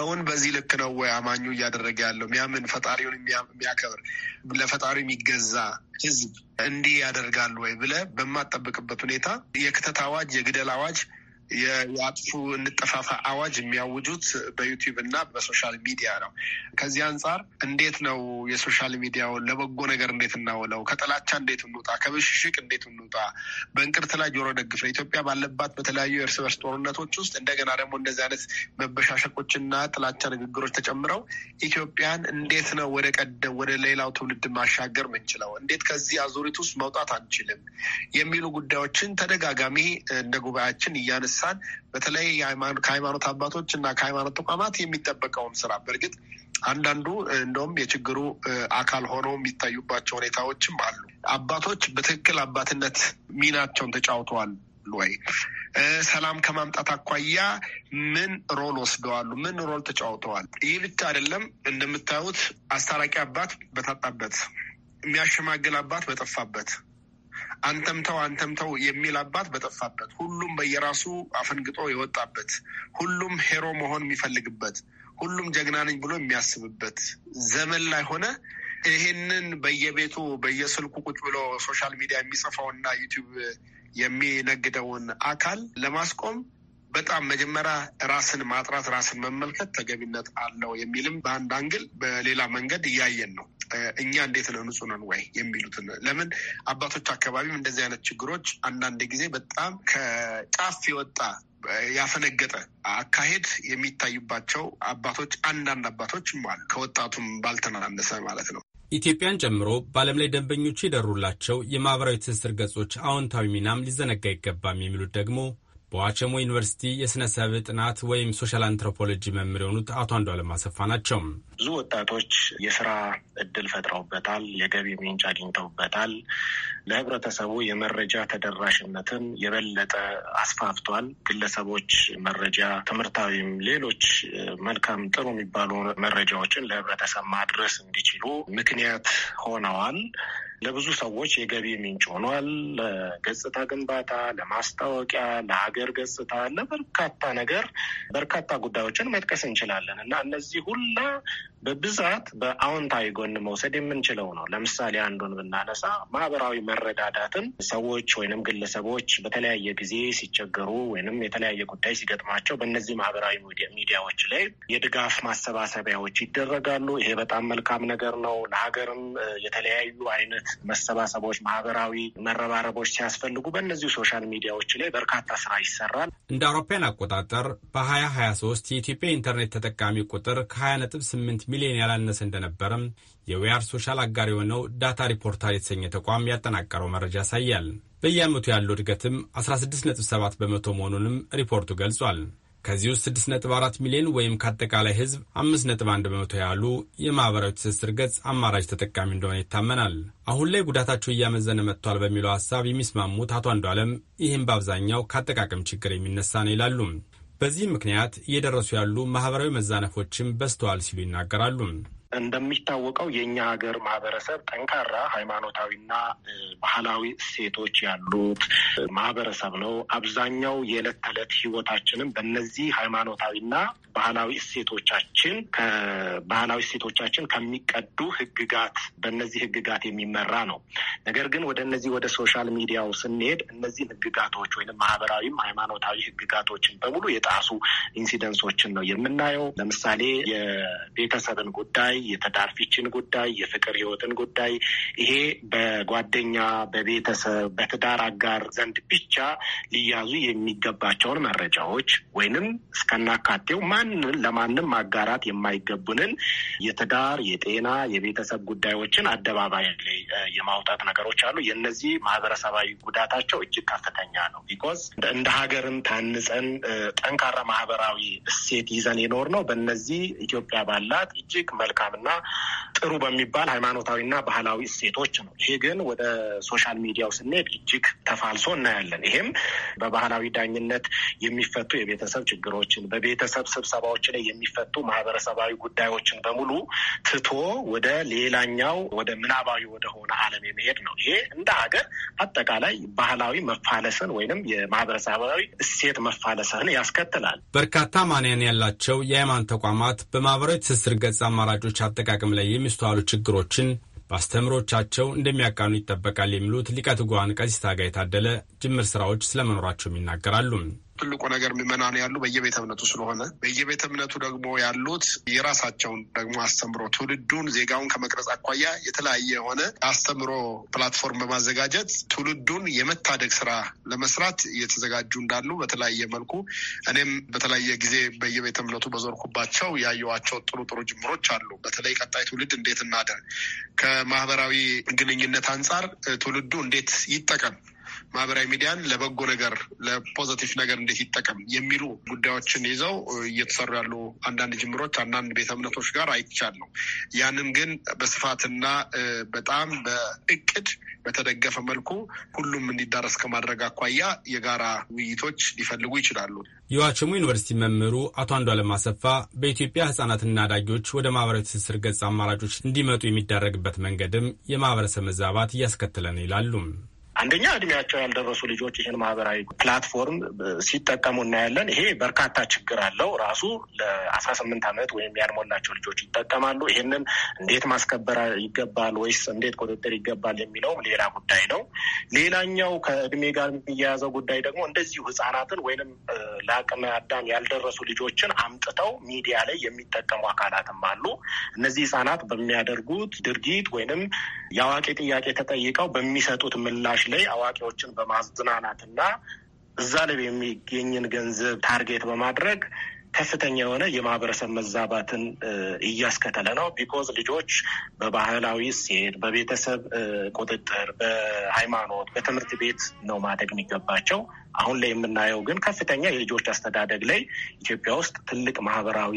አሁን በዚህ ልክ ነው ወይ አማኙ እያደረገ ያለው ሚያምን ፈጣሪውን የሚያከብር ለፈጣሪው የሚገዛ ህዝብ እንዲህ ያደርጋሉ ወይ ብለ በማጠብቅበት ሁኔታ የክተት አዋጅ፣ የግደል አዋጅ የአጥፉ እንጠፋፋ አዋጅ የሚያውጁት በዩቲዩብ እና በሶሻል ሚዲያ ነው። ከዚህ አንጻር እንዴት ነው የሶሻል ሚዲያውን ለበጎ ነገር እንዴት እናውለው? ከጥላቻ እንዴት እንውጣ? ከብሽሽቅ እንዴት እንውጣ? በእንቅርት ላይ ጆሮ ደግፍ ነው። ኢትዮጵያ ባለባት በተለያዩ የእርስ በርስ ጦርነቶች ውስጥ እንደገና ደግሞ እንደዚህ አይነት መበሻሸቆችና ጥላቻ ንግግሮች ተጨምረው ኢትዮጵያን እንዴት ነው ወደ ቀደም ወደ ሌላው ትውልድ ማሻገር ምንችለው? እንዴት ከዚህ አዙሪት ውስጥ መውጣት አንችልም? የሚሉ ጉዳዮችን ተደጋጋሚ እንደ ጉባኤያችን እያነሳ ሳን በተለይ ከሃይማኖት አባቶች እና ከሃይማኖት ተቋማት የሚጠበቀውን ስራ በእርግጥ አንዳንዱ እንደውም የችግሩ አካል ሆነው የሚታዩባቸው ሁኔታዎችም አሉ። አባቶች በትክክል አባትነት ሚናቸውን ተጫውተዋል ወይ? ሰላም ከማምጣት አኳያ ምን ሮል ወስደዋሉ? ምን ሮል ተጫውተዋል? ይህ ብቻ አይደለም። እንደምታዩት አስታራቂ አባት በታጣበት፣ የሚያሸማግል አባት በጠፋበት አንተም ተው የሚል አባት በጠፋበት፣ ሁሉም በየራሱ አፈንግጦ የወጣበት፣ ሁሉም ሄሮ መሆን የሚፈልግበት፣ ሁሉም ጀግና ነኝ ብሎ የሚያስብበት ዘመን ላይ ሆነ ይህንን በየቤቱ በየስልኩ ቁጭ ብሎ ሶሻል ሚዲያ የሚጽፈውና ዩቲዩብ የሚነግደውን አካል ለማስቆም በጣም መጀመሪያ ራስን ማጥራት ራስን መመልከት ተገቢነት አለው የሚልም በአንድ አንግል በሌላ መንገድ እያየን ነው። እኛ እንዴት ነው ንጹህ ነን ወይ የሚሉትን ለምን አባቶች አካባቢም እንደዚህ አይነት ችግሮች አንዳንድ ጊዜ በጣም ከጫፍ የወጣ ያፈነገጠ አካሄድ የሚታዩባቸው አባቶች አንዳንድ አባቶችም አሉ። ከወጣቱም ባልተናነሰ ማለት ነው። ኢትዮጵያን ጨምሮ በዓለም ላይ ደንበኞቹ የደሩላቸው የማህበራዊ ትስስር ገጾች አዎንታዊ ሚናም ሊዘነጋ አይገባም የሚሉት ደግሞ በዋቸሞ ዩኒቨርሲቲ የሥነ ሰብ ጥናት ወይም ሶሻል አንትሮፖሎጂ መምህር የሆኑት አቶ አንዷለም አሰፋ ናቸው። ብዙ ወጣቶች የስራ እድል ፈጥረውበታል፣ የገቢ ምንጭ አግኝተውበታል። ለህብረተሰቡ የመረጃ ተደራሽነትን የበለጠ አስፋፍቷል። ግለሰቦች መረጃ ትምህርታዊም፣ ሌሎች መልካም ጥሩ የሚባሉ መረጃዎችን ለህብረተሰብ ማድረስ እንዲችሉ ምክንያት ሆነዋል። ለብዙ ሰዎች የገቢ ምንጭ ሆኗል። ለገጽታ ግንባታ፣ ለማስታወቂያ፣ ለሀገር ገጽታ፣ ለበርካታ ነገር በርካታ ጉዳዮችን መጥቀስ እንችላለን እና እነዚህ ሁላ በብዛት በአዎንታዊ ጎን መውሰድ የምንችለው ነው። ለምሳሌ አንዱን ብናነሳ ማህበራዊ መረዳዳትን ሰዎች ወይንም ግለሰቦች በተለያየ ጊዜ ሲቸገሩ ወይንም የተለያየ ጉዳይ ሲገጥማቸው በእነዚህ ማህበራዊ ሚዲያዎች ላይ የድጋፍ ማሰባሰቢያዎች ይደረጋሉ። ይሄ በጣም መልካም ነገር ነው። ለሀገርም የተለያዩ አይነት መሰባሰቦች፣ ማህበራዊ መረባረቦች ሲያስፈልጉ በእነዚህ ሶሻል ሚዲያዎች ላይ በርካታ ስራ ይሰራል። እንደ አውሮፓያን አቆጣጠር በ2023 የኢትዮጵያ ኢንተርኔት ተጠቃሚ ቁጥር ከ20.8 ሚሊዮን ያላነሰ እንደነበረም የዌያር ሶሻል አጋር የሆነው ዳታ ሪፖርተር የተሰኘ ተቋም ያጠናቀረው መረጃ ያሳያል። በየዓመቱ ያለው እድገትም 16.7 በመቶ መሆኑንም ሪፖርቱ ገልጿል። ከዚህ ውስጥ 6.4 ሚሊዮን ወይም ከአጠቃላይ ህዝብ 5.1 በመቶ ያሉ የማኅበራዊ ትስስር ገጽ አማራጭ ተጠቃሚ እንደሆነ ይታመናል። አሁን ላይ ጉዳታቸው እያመዘነ መጥቷል በሚለው ሐሳብ የሚስማሙት አቶ አንዱ ዓለም ይህም በአብዛኛው ከአጠቃቀም ችግር የሚነሳ ነው ይላሉ። በዚህም ምክንያት እየደረሱ ያሉ ማኅበራዊ መዛነፎችም በስተዋል ሲሉ ይናገራሉ። እንደሚታወቀው የእኛ ሀገር ማህበረሰብ ጠንካራ ሃይማኖታዊና ባህላዊ እሴቶች ያሉት ማህበረሰብ ነው። አብዛኛው የዕለት ተዕለት ህይወታችንም በእነዚህ ሃይማኖታዊና ባህላዊ እሴቶቻችን ከባህላዊ እሴቶቻችን ከሚቀዱ ህግጋት በእነዚህ ህግጋት የሚመራ ነው። ነገር ግን ወደ እነዚህ ወደ ሶሻል ሚዲያው ስንሄድ እነዚህን ህግጋቶች ወይም ማህበራዊም ሃይማኖታዊ ህግጋቶችን በሙሉ የጣሱ ኢንሲደንሶችን ነው የምናየው። ለምሳሌ የቤተሰብን ጉዳይ የትዳር ፍቺን ጉዳይ፣ የፍቅር ህይወትን ጉዳይ ይሄ በጓደኛ በቤተሰብ በትዳር አጋር ዘንድ ብቻ ሊያዙ የሚገባቸውን መረጃዎች ወይንም እስከናካቴው ማንን ለማንም ማጋራት የማይገቡንን የትዳር የጤና የቤተሰብ ጉዳዮችን አደባባይ ላይ የማውጣት ነገሮች አሉ። የነዚህ ማህበረሰባዊ ጉዳታቸው እጅግ ከፍተኛ ነው። ቢኮዝ እንደ ሀገርን ታንጸን ጠንካራ ማህበራዊ እሴት ይዘን የኖር ነው። በነዚህ ኢትዮጵያ ባላት እጅግ መልካም መልካም ጥሩ በሚባል ሃይማኖታዊና ባህላዊ እሴቶች ነው። ይሄ ግን ወደ ሶሻል ሚዲያው ስንሄድ እጅግ ተፋልሶ እናያለን። ይሄም በባህላዊ ዳኝነት የሚፈቱ የቤተሰብ ችግሮችን፣ በቤተሰብ ስብሰባዎች ላይ የሚፈቱ ማህበረሰባዊ ጉዳዮችን በሙሉ ትቶ ወደ ሌላኛው ወደ ምናባዊ ወደሆነ ዓለም የመሄድ ነው። ይሄ እንደ ሀገር አጠቃላይ ባህላዊ መፋለስን ወይንም የማህበረሰባዊ እሴት መፋለስን ያስከትላል። በርካታ ማንያን ያላቸው የሃይማኖት ተቋማት በማህበራዊ ትስስር ገጽ አማራጮች በመድኃኒቶች አጠቃቀም ላይ የሚስተዋሉ ችግሮችን በአስተምሮቻቸው እንደሚያቃኑ ይጠበቃል የሚሉት ሊቀ ትጉሃን ቀሲስ ታጋይ ጅምር ስራዎች ስለመኖራቸውም ይናገራሉ። ትልቁ ነገር ምዕመናን ያሉ በየቤተ እምነቱ ስለሆነ በየቤተ እምነቱ ደግሞ ያሉት የራሳቸውን ደግሞ አስተምሮ ትውልዱን ዜጋውን ከመቅረጽ አኳያ የተለያየ የሆነ አስተምሮ ፕላትፎርም በማዘጋጀት ትውልዱን የመታደግ ስራ ለመስራት እየተዘጋጁ እንዳሉ በተለያየ መልኩ እኔም በተለያየ ጊዜ በየቤተ እምነቱ በዞርኩባቸው ያየኋቸው ጥሩ ጥሩ ጅምሮች አሉ። በተለይ ቀጣይ ትውልድ እንዴት እናደር ከማህበራዊ ግንኙነት አንጻር ትውልዱ እንዴት ይጠቀም ማህበራዊ ሚዲያን ለበጎ ነገር ለፖዘቲቭ ነገር እንዴት ይጠቀም የሚሉ ጉዳዮችን ይዘው እየተሰሩ ያሉ አንዳንድ ጅምሮች አንዳንድ ቤተ እምነቶች ጋር አይቻለሁ። ያንን ግን በስፋትና በጣም በእቅድ በተደገፈ መልኩ ሁሉም እንዲዳረስ ከማድረግ አኳያ የጋራ ውይይቶች ሊፈልጉ ይችላሉ። የዋቸሞ ዩኒቨርሲቲ መምህሩ አቶ አንዷለም አሰፋ በኢትዮጵያ ህጻናትና አዳጊዎች ወደ ማህበራዊ ትስስር ገጽ አማራጮች እንዲመጡ የሚዳረግበት መንገድም የማህበረሰብ መዛባት እያስከተለ ነው ይላሉም። አንደኛ እድሜያቸው ያልደረሱ ልጆች ይህን ማህበራዊ ፕላትፎርም ሲጠቀሙ እናያለን። ይሄ በርካታ ችግር አለው ራሱ ለአስራ ስምንት ዓመት ወይም ያልሞላቸው ልጆች ይጠቀማሉ። ይህንን እንዴት ማስከበር ይገባል ወይስ እንዴት ቁጥጥር ይገባል የሚለውም ሌላ ጉዳይ ነው። ሌላኛው ከእድሜ ጋር የሚያያዘው ጉዳይ ደግሞ እንደዚሁ ህጻናትን ወይንም ለአቅመ አዳም ያልደረሱ ልጆችን አምጥተው ሚዲያ ላይ የሚጠቀሙ አካላትም አሉ። እነዚህ ህጻናት በሚያደርጉት ድርጊት ወይንም የአዋቂ ጥያቄ ተጠይቀው በሚሰጡት ምላሽ ላይ አዋቂዎችን በማዝናናት እና እዛ ላይ የሚገኝን ገንዘብ ታርጌት በማድረግ ከፍተኛ የሆነ የማህበረሰብ መዛባትን እያስከተለ ነው። ቢኮዝ ልጆች በባህላዊ ሴት በቤተሰብ ቁጥጥር፣ በሃይማኖት፣ በትምህርት ቤት ነው ማደግ የሚገባቸው። አሁን ላይ የምናየው ግን ከፍተኛ የልጆች አስተዳደግ ላይ ኢትዮጵያ ውስጥ ትልቅ ማህበራዊ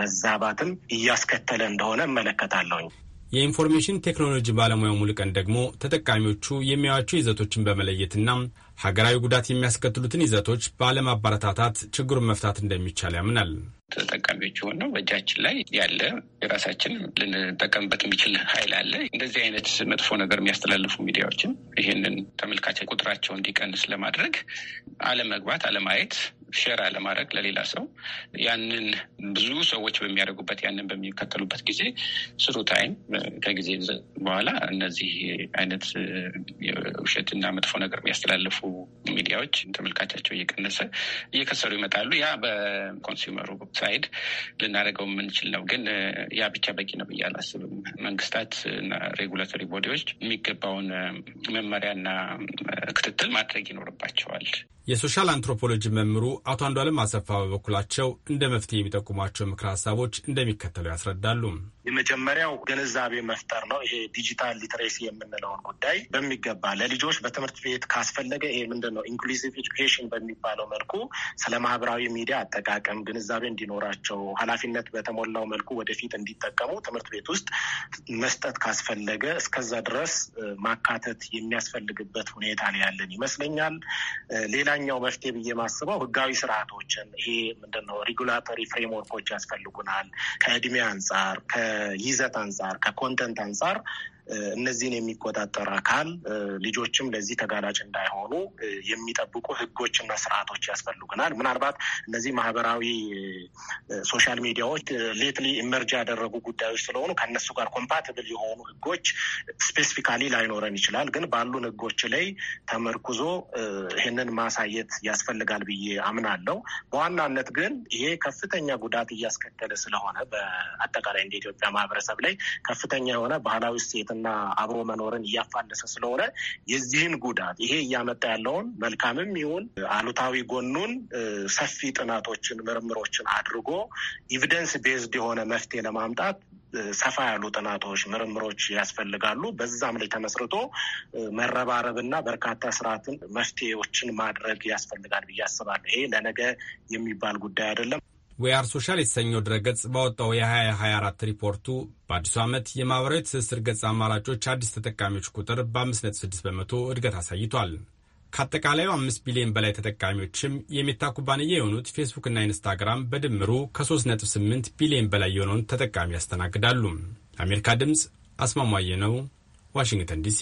መዛባትም እያስከተለ እንደሆነ እመለከታለሁኝ። የኢንፎርሜሽን ቴክኖሎጂ ባለሙያው ሙልቀን ደግሞ ተጠቃሚዎቹ የሚያዩዋቸው ይዘቶችን በመለየትና ሀገራዊ ጉዳት የሚያስከትሉትን ይዘቶች ባለማበረታታት ችግሩን መፍታት እንደሚቻል ያምናል። ተጠቃሚዎች የሆነው በእጃችን ላይ ያለ የራሳችን ልንጠቀምበት የሚችል ኃይል አለ። እንደዚህ አይነት መጥፎ ነገር የሚያስተላልፉ ሚዲያዎችን ይህንን ተመልካች ቁጥራቸው እንዲቀንስ ለማድረግ አለመግባት፣ አለማየት ሼር አለማድረግ ለሌላ ሰው ያንን ብዙ ሰዎች በሚያደርጉበት ያንን በሚከተሉበት ጊዜ ስሩ ታይም ከጊዜ በኋላ እነዚህ አይነት ውሸትና መጥፎ ነገር የሚያስተላልፉ ሚዲያዎች ተመልካቻቸው እየቀነሰ እየከሰሩ ይመጣሉ። ያ በኮንሱመሩ ሳይድ ልናደርገው የምንችል ነው፣ ግን ያ ብቻ በቂ ነው ብዬ አላስብም። መንግስታት እና ሬጉላቶሪ ቦዲዎች የሚገባውን መመሪያና ክትትል ማድረግ ይኖርባቸዋል። የሶሻል አንትሮፖሎጂ መምህሩ አቶ አንዷለም አሰፋ በበኩላቸው እንደ መፍትሄ የሚጠቁሟቸው ምክረ ሀሳቦች እንደሚከተለው ያስረዳሉ። የመጀመሪያው ግንዛቤ መፍጠር ነው። ይሄ ዲጂታል ሊትሬሲ የምንለውን ጉዳይ በሚገባ ለልጆች በትምህርት ቤት ካስፈለገ ይሄ ምንድን ነው ኢንክሉሲቭ ኤጁኬሽን በሚባለው መልኩ ስለ ማህበራዊ ሚዲያ አጠቃቀም ግንዛቤ እንዲኖራቸው፣ ኃላፊነት በተሞላው መልኩ ወደፊት እንዲጠቀሙ ትምህርት ቤት ውስጥ መስጠት ካስፈለገ እስከዛ ድረስ ማካተት የሚያስፈልግበት ሁኔታ ነው ያለን ይመስለኛል። ሌላኛው መፍትሄ ብዬ ማስበው ህጋዊ ስርዓቶችን ይሄ ምንድን ነው ሪጉላቶሪ ፍሬምወርኮች ያስፈልጉናል ከእድሜ አንጻር ከይዘት አንጻር ከኮንተንት አንጻር እነዚህን የሚቆጣጠር አካል ልጆችም ለዚህ ተጋላጭ እንዳይሆኑ የሚጠብቁ ህጎችና ስርዓቶች ያስፈልጉናል። ምናልባት እነዚህ ማህበራዊ ሶሻል ሚዲያዎች ሌትሊ ኢመርጅ ያደረጉ ጉዳዮች ስለሆኑ ከነሱ ጋር ኮምፓትብል የሆኑ ህጎች ስፔሲፊካሊ ላይኖረን ይችላል። ግን ባሉን ህጎች ላይ ተመርኩዞ ይህንን ማሳየት ያስፈልጋል ብዬ አምናለሁ። በዋናነት ግን ይሄ ከፍተኛ ጉዳት እያስከተለ ስለሆነ በአጠቃላይ እንደ ኢትዮጵያ ማህበረሰብ ላይ ከፍተኛ የሆነ ባህላዊ እሴትን እና አብሮ መኖርን እያፋለሰ ስለሆነ የዚህን ጉዳት ይሄ እያመጣ ያለውን መልካምም ይሁን አሉታዊ ጎኑን ሰፊ ጥናቶችን፣ ምርምሮችን አድርጎ ኢቪደንስ ቤዝድ የሆነ መፍትሄ ለማምጣት ሰፋ ያሉ ጥናቶች፣ ምርምሮች ያስፈልጋሉ። በዛም ላይ ተመስርቶ መረባረብና በርካታ ስርዓትን መፍትሄዎችን ማድረግ ያስፈልጋል ብዬ አስባለሁ። ይሄ ለነገ የሚባል ጉዳይ አይደለም። ዌአር ሶሻል የተሰኘው ድረገጽ ባወጣው የ2024 ሪፖርቱ በአዲሱ ዓመት የማኅበራዊ ትስስር ገጽ አማራጮች አዲስ ተጠቃሚዎች ቁጥር በ5.6 በመቶ እድገት አሳይቷል። ከአጠቃላዩ አምስት ቢሊዮን በላይ ተጠቃሚዎችም የሜታ ኩባንያ የሆኑት ፌስቡክና ኢንስታግራም በድምሩ ከ3.8 ቢሊዮን በላይ የሆነውን ተጠቃሚ ያስተናግዳሉ። ለአሜሪካ ድምፅ አስማማየ ነው፣ ዋሽንግተን ዲሲ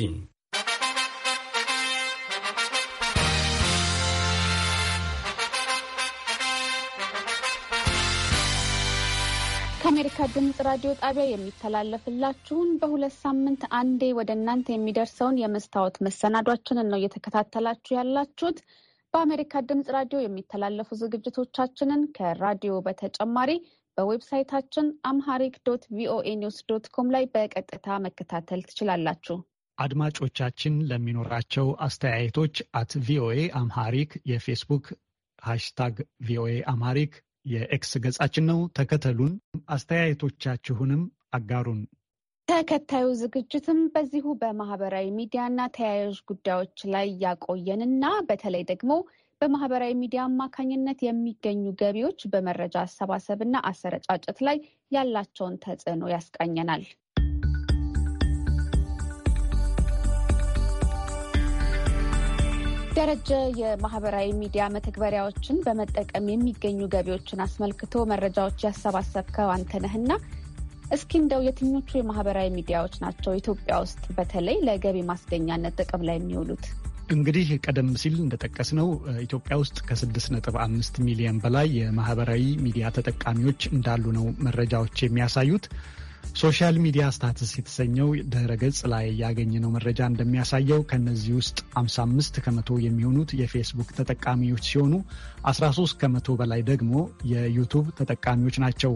ድምፅ ራዲዮ ጣቢያ የሚተላለፍላችሁን በሁለት ሳምንት አንዴ ወደ እናንተ የሚደርሰውን የመስታወት መሰናዷችንን ነው እየተከታተላችሁ ያላችሁት። በአሜሪካ ድምፅ ራዲዮ የሚተላለፉ ዝግጅቶቻችንን ከራዲዮ በተጨማሪ በዌብሳይታችን አምሃሪክ ዶት ቪኦኤ ኒውስ ዶት ኮም ላይ በቀጥታ መከታተል ትችላላችሁ። አድማጮቻችን ለሚኖራቸው አስተያየቶች አት ቪኦኤ አምሃሪክ የፌስቡክ ሃሽታግ ቪኦኤ አምሃሪክ የኤክስ ገጻችን ነው። ተከተሉን፣ አስተያየቶቻችሁንም አጋሩን። ተከታዩ ዝግጅትም በዚሁ በማህበራዊ ሚዲያና ተያያዥ ጉዳዮች ላይ ያቆየንና በተለይ ደግሞ በማህበራዊ ሚዲያ አማካኝነት የሚገኙ ገቢዎች በመረጃ አሰባሰብና አሰረጫጨት ላይ ያላቸውን ተጽዕኖ ያስቃኘናል። ደረጀ የማህበራዊ ሚዲያ መተግበሪያዎችን በመጠቀም የሚገኙ ገቢዎችን አስመልክቶ መረጃዎች ያሰባሰብከው አንተነህና እስኪ እንደው የትኞቹ የማህበራዊ ሚዲያዎች ናቸው ኢትዮጵያ ውስጥ በተለይ ለገቢ ማስገኛነት ጥቅም ላይ የሚውሉት? እንግዲህ ቀደም ሲል እንደጠቀስነው ኢትዮጵያ ውስጥ ከ6.5 ሚሊዮን በላይ የማህበራዊ ሚዲያ ተጠቃሚዎች እንዳሉ ነው መረጃዎች የሚያሳዩት። ሶሻል ሚዲያ ስታትስ የተሰኘው ድህረ ገጽ ላይ ያገኘነው መረጃ እንደሚያሳየው ከእነዚህ ውስጥ 55 ከመቶ የሚሆኑት የፌስቡክ ተጠቃሚዎች ሲሆኑ 13 ከመቶ በላይ ደግሞ የዩቱብ ተጠቃሚዎች ናቸው።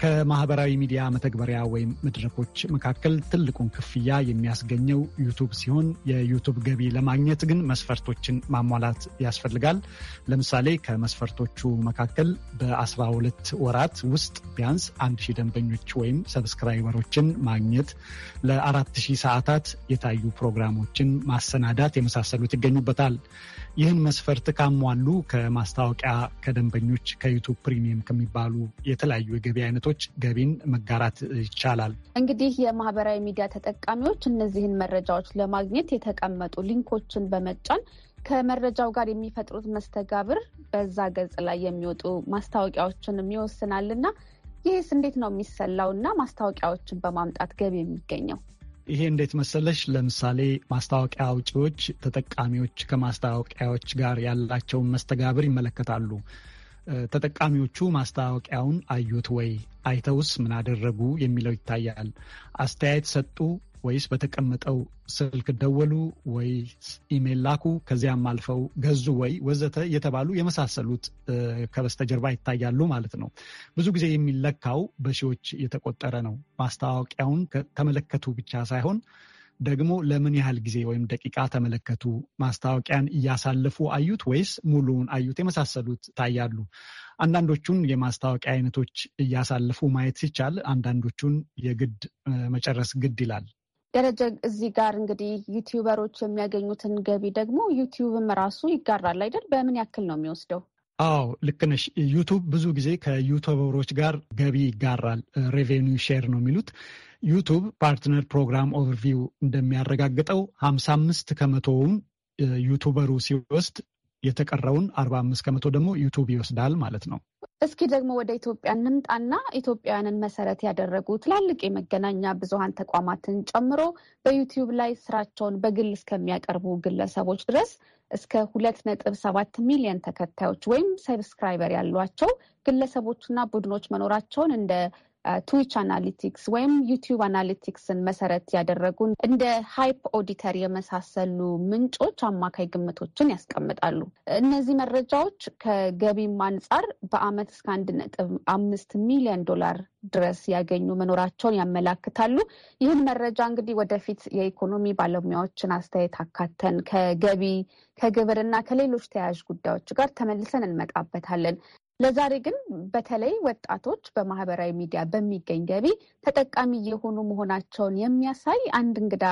ከማህበራዊ ሚዲያ መተግበሪያ ወይም መድረኮች መካከል ትልቁን ክፍያ የሚያስገኘው ዩቱብ ሲሆን የዩቱብ ገቢ ለማግኘት ግን መስፈርቶችን ማሟላት ያስፈልጋል። ለምሳሌ ከመስፈርቶቹ መካከል በ12 ወራት ውስጥ ቢያንስ 1000 ደንበኞች ወይም ሰብስክራይበሮችን ማግኘት፣ ለ4000 ሰዓታት የታዩ ፕሮግራሞችን ማሰናዳት የመሳሰሉት ይገኙበታል። ይህን መስፈርት ካሟሉ ከማስታወቂያ፣ ከደንበኞች፣ ከዩቱብ ፕሪሚየም ከሚባሉ የተለያዩ የገቢ አይነቶች ገቢን መጋራት ይቻላል። እንግዲህ የማህበራዊ ሚዲያ ተጠቃሚዎች እነዚህን መረጃዎች ለማግኘት የተቀመጡ ሊንኮችን በመጫን ከመረጃው ጋር የሚፈጥሩት መስተጋብር በዛ ገጽ ላይ የሚወጡ ማስታወቂያዎችን ይወስናልና ይህስ እንዴት ነው የሚሰላው እና ማስታወቂያዎችን በማምጣት ገቢ የሚገኘው? ይሄ እንዴት መሰለሽ፣ ለምሳሌ ማስታወቂያ አውጪዎች ተጠቃሚዎች ከማስታወቂያዎች ጋር ያላቸውን መስተጋብር ይመለከታሉ። ተጠቃሚዎቹ ማስታወቂያውን አዩት ወይ? አይተውስ ምን አደረጉ? የሚለው ይታያል። አስተያየት ሰጡ ወይስ በተቀመጠው ስልክ ደወሉ ወይስ ኢሜል ላኩ፣ ከዚያም አልፈው ገዙ ወይ ወዘተ የተባሉ የመሳሰሉት ከበስተጀርባ ይታያሉ ማለት ነው። ብዙ ጊዜ የሚለካው በሺዎች የተቆጠረ ነው። ማስታወቂያውን ተመለከቱ ብቻ ሳይሆን ደግሞ ለምን ያህል ጊዜ ወይም ደቂቃ ተመለከቱ፣ ማስታወቂያን እያሳለፉ አዩት ወይስ ሙሉውን አዩት የመሳሰሉት ይታያሉ። አንዳንዶቹን የማስታወቂያ አይነቶች እያሳለፉ ማየት ሲቻል፣ አንዳንዶቹን የግድ መጨረስ ግድ ይላል። ደረጀ እዚህ ጋር እንግዲህ ዩቲዩበሮች የሚያገኙትን ገቢ ደግሞ ዩቲዩብም ራሱ ይጋራል አይደል? በምን ያክል ነው የሚወስደው? አዎ ልክ ነሽ። ዩቱብ ብዙ ጊዜ ከዩቱበሮች ጋር ገቢ ይጋራል። ሬቬኒ ሼር ነው የሚሉት። ዩቱብ ፓርትነር ፕሮግራም ኦቨርቪው እንደሚያረጋግጠው 55 ከመቶውን ዩቱበሩ ሲወስድ የተቀረውን 45 ከመቶ ደግሞ ዩቱብ ይወስዳል ማለት ነው። እስኪ ደግሞ ወደ ኢትዮጵያ እንምጣና ኢትዮጵያውያንን መሰረት ያደረጉ ትላልቅ የመገናኛ ብዙሀን ተቋማትን ጨምሮ በዩቲዩብ ላይ ስራቸውን በግል እስከሚያቀርቡ ግለሰቦች ድረስ እስከ ሁለት ነጥብ ሰባት ሚሊዮን ተከታዮች ወይም ሰብስክራይበር ያሏቸው ግለሰቦችና ቡድኖች መኖራቸውን እንደ ትዊች አናሊቲክስ ወይም ዩቲዩብ አናሊቲክስን መሰረት ያደረጉ እንደ ሃይፕ ኦዲተር የመሳሰሉ ምንጮች አማካይ ግምቶችን ያስቀምጣሉ። እነዚህ መረጃዎች ከገቢም አንጻር በአመት እስከ አንድ ነጥብ አምስት ሚሊዮን ዶላር ድረስ ያገኙ መኖራቸውን ያመላክታሉ። ይህን መረጃ እንግዲህ ወደፊት የኢኮኖሚ ባለሙያዎችን አስተያየት አካተን ከገቢ ከግብርና ከሌሎች ተያያዥ ጉዳዮች ጋር ተመልሰን እንመጣበታለን። ለዛሬ ግን በተለይ ወጣቶች በማህበራዊ ሚዲያ በሚገኝ ገቢ ተጠቃሚ የሆኑ መሆናቸውን የሚያሳይ አንድ እንግዳ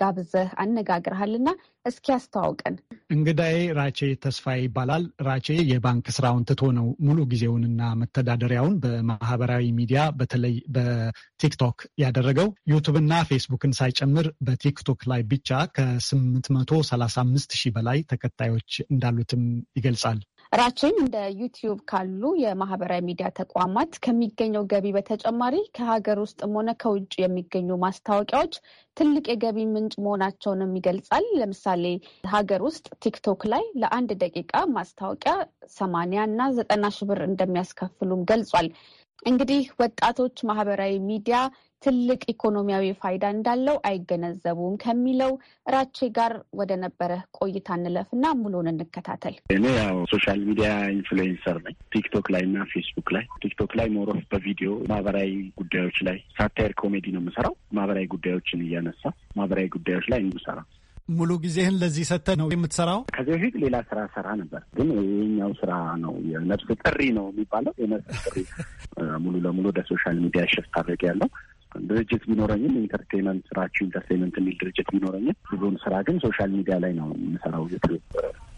ጋብዘህ አነጋግርሃልና እስኪ ያስተዋውቀን። እንግዳዬ ራቼ ተስፋ ይባላል። ራቼ የባንክ ስራውን ትቶ ነው ሙሉ ጊዜውንና መተዳደሪያውን በማህበራዊ ሚዲያ በተለይ በቲክቶክ ያደረገው። ዩቱብና ፌስቡክን ሳይጨምር በቲክቶክ ላይ ብቻ ከ835 ሺህ በላይ ተከታዮች እንዳሉትም ይገልጻል። ራቼም እንደ ዩቲዩብ ካሉ የማህበራዊ ሚዲያ ተቋማት ከሚገኘው ገቢ በተጨማሪ ከሀገር ውስጥም ሆነ ከውጭ የሚገኙ ማስታወቂያዎች ትልቅ የገቢ ምንጭ መሆናቸውንም ይገልጻል። ለምሳሌ ሀገር ውስጥ ቲክቶክ ላይ ለአንድ ደቂቃ ማስታወቂያ ሰማንያ እና ዘጠና ሺህ ብር እንደሚያስከፍሉም ገልጿል። እንግዲህ ወጣቶች ማህበራዊ ሚዲያ ትልቅ ኢኮኖሚያዊ ፋይዳ እንዳለው አይገነዘቡም ከሚለው ራቼ ጋር ወደ ነበረ ቆይታ እንለፍና ሙሉን እንከታተል። እኔ ያው ሶሻል ሚዲያ ኢንፍሉዌንሰር ነኝ ቲክቶክ ላይ እና ፌስቡክ ላይ። ቲክቶክ ላይ ሞሮፍ በቪዲዮ ማህበራዊ ጉዳዮች ላይ ሳታየር ኮሜዲ ነው የምሰራው። ማህበራዊ ጉዳዮችን እያነሳ ማህበራዊ ጉዳዮች ላይ እንሰራ ሙሉ ጊዜህን ለዚህ ሰተህ ነው የምትሰራው? ከዚህ በፊት ሌላ ስራ ሰራ ነበር፣ ግን ይህኛው ስራ ነው የነፍስ ጥሪ ነው የሚባለው። የነፍስ ጥሪ ሙሉ ለሙሉ ወደ ሶሻል ሚዲያ ሽፍት አድርግ ያለው ድርጅት ቢኖረኝም ኢንተርቴንመንት ስራችሁ ኢንተርቴንመንት የሚል ድርጅት ቢኖረኝም ብዙውን ስራ ግን ሶሻል ሚዲያ ላይ ነው የምሰራው፣ ዩትዩብ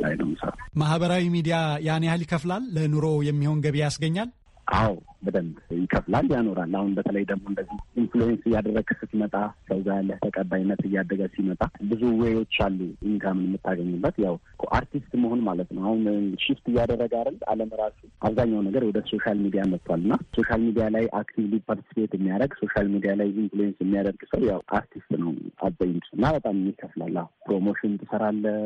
ላይ ነው የምሰራው። ማህበራዊ ሚዲያ ያን ያህል ይከፍላል? ለኑሮ የሚሆን ገቢ ያስገኛል? አዎ በደንብ ይከፍላል፣ ያኖራል። አሁን በተለይ ደግሞ እንደዚህ ኢንፍሉዌንስ እያደረግ ስትመጣ ሰው ጋር ያለህ ተቀባይነት እያደገ ሲመጣ ብዙ ዌዮች አሉ ኢንካም የምታገኝበት። ያው አርቲስት መሆን ማለት ነው። አሁን ሺፍት እያደረገ አይደል ዓለም ራሱ አብዛኛው ነገር ወደ ሶሻል ሚዲያ መጥቷል እና ሶሻል ሚዲያ ላይ አክቲቭሊ ፓርቲስፔት የሚያደርግ ሶሻል ሚዲያ ላይ ኢንፍሉዌንስ የሚያደርግ ሰው ያው አርቲስት ነው አበይንድ እና በጣም ይከፍላል። አዎ ፕሮሞሽን ትሰራለህ።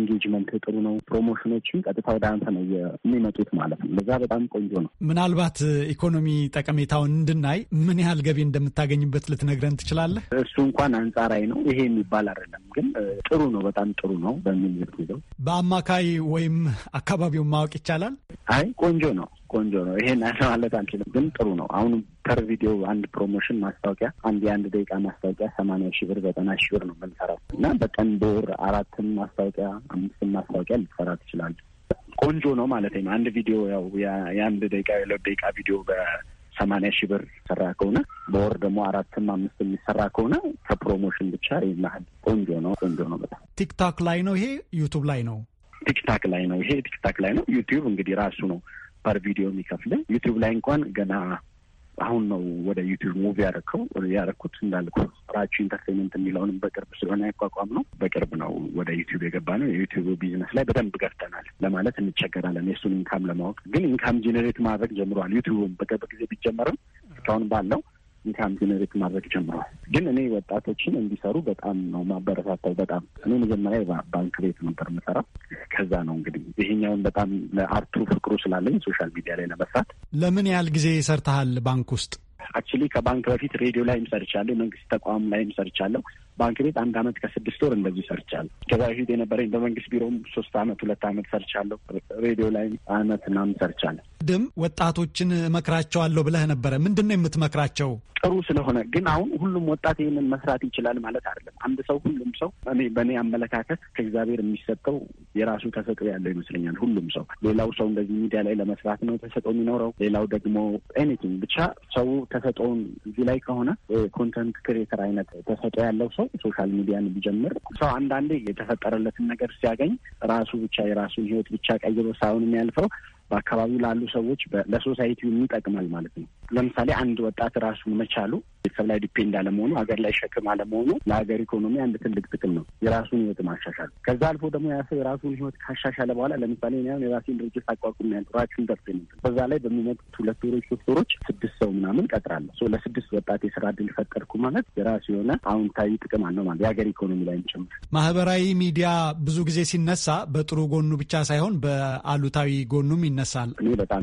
ኢንጌጅመንት ጥሩ ነው። ፕሮሞሽኖችም ቀጥታ ወደ አንተ ነው የሚመጡት ማለት ነው። ለዛ በጣም ቆንጆ ነው ምናልባት ምናልባት ኢኮኖሚ ጠቀሜታውን እንድናይ ምን ያህል ገቢ እንደምታገኝበት ልትነግረን ትችላለህ? እሱ እንኳን አንጻራዊ ነው። ይሄ የሚባል አይደለም፣ ግን ጥሩ ነው፣ በጣም ጥሩ ነው በሚል ይዘው በአማካይ ወይም አካባቢውን ማወቅ ይቻላል። አይ ቆንጆ ነው ቆንጆ ነው። ይሄን ማለት አንችልም፣ ግን ጥሩ ነው። አሁን ፐር ቪዲዮ አንድ ፕሮሞሽን ማስታወቂያ አንድ የአንድ ደቂቃ ማስታወቂያ ሰማንያ ሺህ ብር ዘጠና ሺህ ብር ነው የምንሰራው እና በቀን በወር አራትም ማስታወቂያ አምስትም ማስታወቂያ ልትሰራ ትችላለህ። ቆንጆ ነው ማለት ነው። አንድ ቪዲዮ ያው የአንድ ደቂቃ የሁለት ደቂቃ ቪዲዮ በሰማንያ ሺህ ብር ሰራ ከሆነ በወር ደግሞ አራትም አምስት የሚሰራ ከሆነ ከፕሮሞሽን ብቻ ይናህል ቆንጆ ነው። ቆንጆ ነው በጣም ቲክታክ ላይ ነው ይሄ ዩቱብ ላይ ነው። ቲክታክ ላይ ነው ይሄ ቲክታክ ላይ ነው። ዩቲዩብ እንግዲህ ራሱ ነው ፐር ቪዲዮ የሚከፍልን ዩቲዩብ ላይ እንኳን ገና አሁን ነው ወደ ዩቲዩብ ሙቪ ያደረከው ያደረኩት እንዳልኩ ራቹ ኢንተርቴንመንት የሚለውንም በቅርብ ስለሆነ ያቋቋም ነው በቅርብ ነው ወደ ዩቲዩብ የገባ ነው። የዩቲዩብ ቢዝነስ ላይ በደንብ ገፍተናል ለማለት እንቸገራለን። የእሱን ኢንካም ለማወቅ ግን ኢንካም ጄኔሬት ማድረግ ጀምሯል። ዩቲዩብም በቅርብ ጊዜ ቢጀመርም እስካሁን ባለው ኢንካም ጀነሬት ማድረግ ጀምረዋል። ግን እኔ ወጣቶችን እንዲሰሩ በጣም ነው ማበረታታው። በጣም እኔ መጀመሪያ ባንክ ቤት ነበር የምሰራ። ከዛ ነው እንግዲህ ይሄኛውን በጣም ለአርቱ ፍቅሩ ስላለኝ ሶሻል ሚዲያ ላይ ለመስራት። ለምን ያህል ጊዜ ሰርተሃል ባንክ ውስጥ? አክቹዋሊ ከባንክ በፊት ሬዲዮ ላይም ሰርቻለሁ፣ የመንግስት ተቋም ላይም ሰርቻለሁ። ባንክ ቤት አንድ አመት ከስድስት ወር እንደዚህ ሰርቻለሁ። ከዛ በፊት የነበረኝ በመንግስት ቢሮም ሶስት አመት ሁለት አመት ሰርቻለሁ። ሬዲዮ ላይም አመት ምናምን ሰርቻለሁ። ድም ወጣቶችን እመክራቸዋለሁ ብለህ ነበረ። ምንድን ነው የምትመክራቸው? ጥሩ ስለሆነ ግን አሁን ሁሉም ወጣት ይህንን መስራት ይችላል ማለት አይደለም። አንድ ሰው ሁሉም ሰው እኔ በእኔ አመለካከት ከእግዚአብሔር የሚሰጠው የራሱ ተሰጥኦ ያለው ይመስለኛል። ሁሉም ሰው ሌላው ሰው እንደዚህ ሚዲያ ላይ ለመስራት ነው ተሰጥኦ የሚኖረው። ሌላው ደግሞ ኤኒቲንግ ብቻ ሰው ተሰጠውን እዚህ ላይ ከሆነ ኮንተንት ክሬተር አይነት ተሰጦ ያለው ሰው ሶሻል ሚዲያን ቢጀምር ሰው አንዳንዴ የተፈጠረለትን ነገር ሲያገኝ ራሱ ብቻ የራሱን ህይወት ብቻ ቀይሮ ሳይሆን የሚያልፈው በአካባቢው ላሉ ሰዎች ለሶሳይቲው ይጠቅማል ማለት ነው። ለምሳሌ አንድ ወጣት ራሱን መቻሉ ቤተሰብ ላይ ዲፔንድ አለመሆኑ፣ ሀገር ላይ ሸክም አለመሆኑ ለሀገር ኢኮኖሚ አንድ ትልቅ ጥቅም ነው። የራሱን ህይወት ማሻሻል። ከዛ አልፎ ደግሞ ያ ሰው የራሱን ህይወት ካሻሻለ በኋላ ለምሳሌ ሁን የራሴን ድርጅት አቋቁም ያል ራችን ደርስ ነበር። በዛ ላይ በሚመጡት ሁለት ወሮች ሶስት ወሮች ስድስት ሰው ምናምን ቀጥራለሁ። ለስድስት ወጣት የስራ እድል ፈጠርኩ ማለት የራሱ የሆነ አዎንታዊ ጥቅም አለው ማለት የሀገር ኢኮኖሚ ላይ ጭምር። ማህበራዊ ሚዲያ ብዙ ጊዜ ሲነሳ በጥሩ ጎኑ ብቻ ሳይሆን በአሉታዊ ጎኑም ይነሳል። እኔ በጣም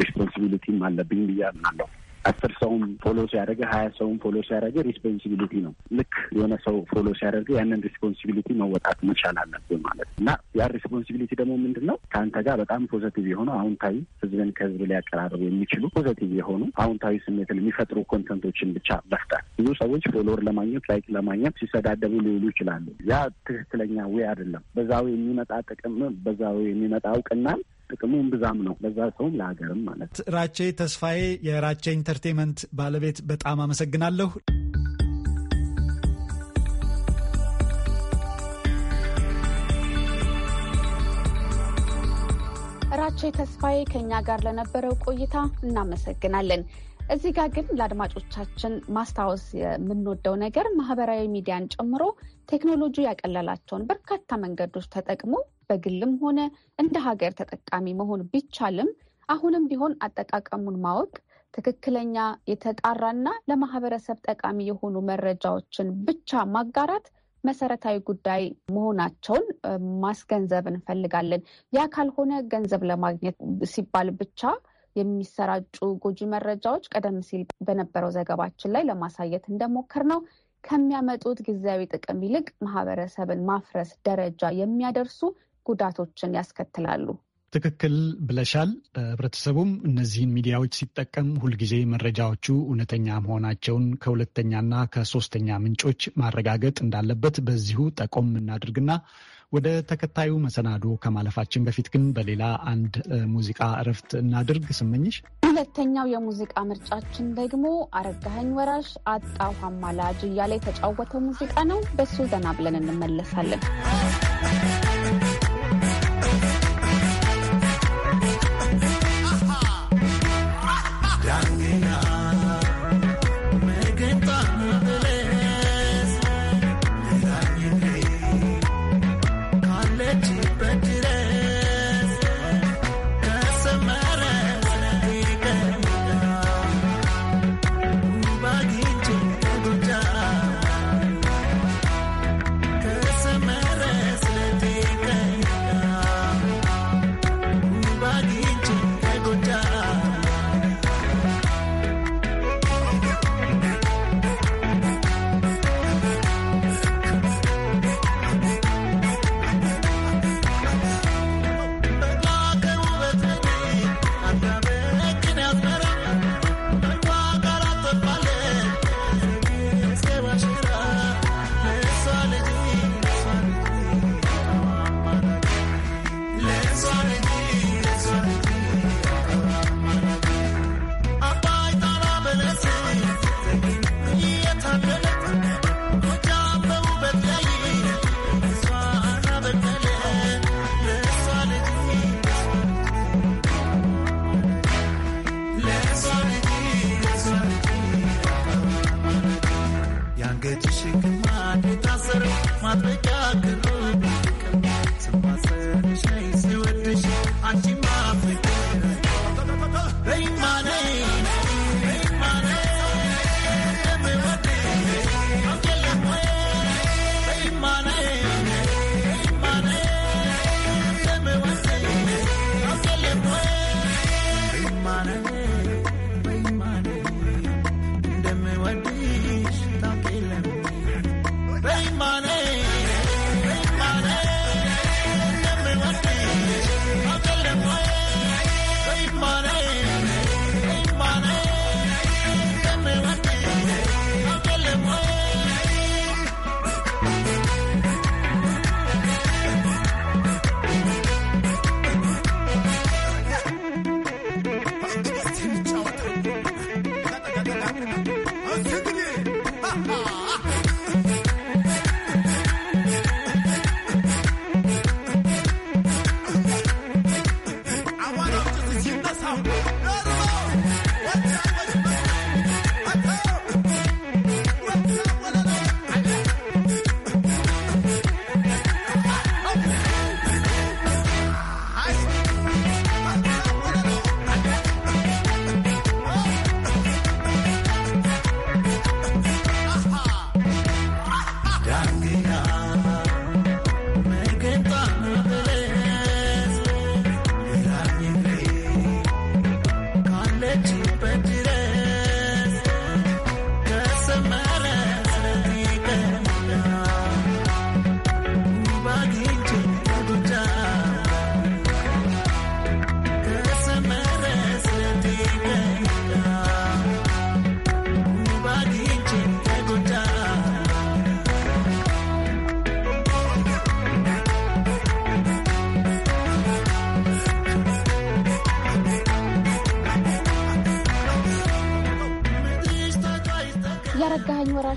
ሬስፖንሲቢሊቲም አለብኝ ብዬ አምናለሁ። አስር ሰውም ፎሎ ሲያደርገ ሀያ ሰውም ፎሎ ሲያደርገ ሪስፖንሲቢሊቲ ነው። ልክ የሆነ ሰው ፎሎ ሲያደርገ ያንን ሪስፖንሲቢሊቲ መወጣት መቻል አለብን ማለት እና ያ ሪስፖንሲቢሊቲ ደግሞ ምንድን ነው? ከአንተ ጋር በጣም ፖዘቲቭ የሆኑ አውንታዊ ህዝብን ከህዝብ ሊያቀራርቡ የሚችሉ ፖዘቲቭ የሆኑ አውንታዊ ስሜትን የሚፈጥሩ ኮንተንቶችን ብቻ መፍጠር። ብዙ ሰዎች ፎሎወር ለማግኘት ላይክ ለማግኘት ሲሰዳደቡ ሊውሉ ይችላሉ። ያ ትክክለኛ ዌይ አይደለም። በዛ የሚመጣ ጥቅም፣ በዛ የሚመጣ እውቅናን ጥቅሙም ብዛም ነው ለዛ ሰውም ለሀገርም ማለት ነው። ራቼ ተስፋዬ የራቼ ኢንተርቴንመንት ባለቤት በጣም አመሰግናለሁ። ራቼ ተስፋዬ ከእኛ ጋር ለነበረው ቆይታ እናመሰግናለን። እዚህ ጋር ግን ለአድማጮቻችን ማስታወስ የምንወደው ነገር ማህበራዊ ሚዲያን ጨምሮ ቴክኖሎጂ ያቀለላቸውን በርካታ መንገዶች ተጠቅሞ በግልም ሆነ እንደ ሀገር ተጠቃሚ መሆን ቢቻልም አሁንም ቢሆን አጠቃቀሙን ማወቅ ትክክለኛ የተጣራና ለማህበረሰብ ጠቃሚ የሆኑ መረጃዎችን ብቻ ማጋራት መሰረታዊ ጉዳይ መሆናቸውን ማስገንዘብ እንፈልጋለን። ያ ካልሆነ ገንዘብ ለማግኘት ሲባል ብቻ የሚሰራጩ ጎጂ መረጃዎች ቀደም ሲል በነበረው ዘገባችን ላይ ለማሳየት እንደሞከር ነው ከሚያመጡት ጊዜያዊ ጥቅም ይልቅ ማህበረሰብን ማፍረስ ደረጃ የሚያደርሱ ጉዳቶችን ያስከትላሉ። ትክክል ብለሻል። ህብረተሰቡም እነዚህን ሚዲያዎች ሲጠቀም ሁልጊዜ መረጃዎቹ እውነተኛ መሆናቸውን ከሁለተኛና ከሶስተኛ ምንጮች ማረጋገጥ እንዳለበት በዚሁ ጠቆም እናድርግና ወደ ተከታዩ መሰናዶ ከማለፋችን በፊት ግን በሌላ አንድ ሙዚቃ እረፍት እናድርግ። ስመኝሽ፣ ሁለተኛው የሙዚቃ ምርጫችን ደግሞ አረጋኸኝ ወራሽ አጣሁ አማላጅ እያለ የተጫወተው ሙዚቃ ነው። በሱ ዘና ብለን እንመለሳለን።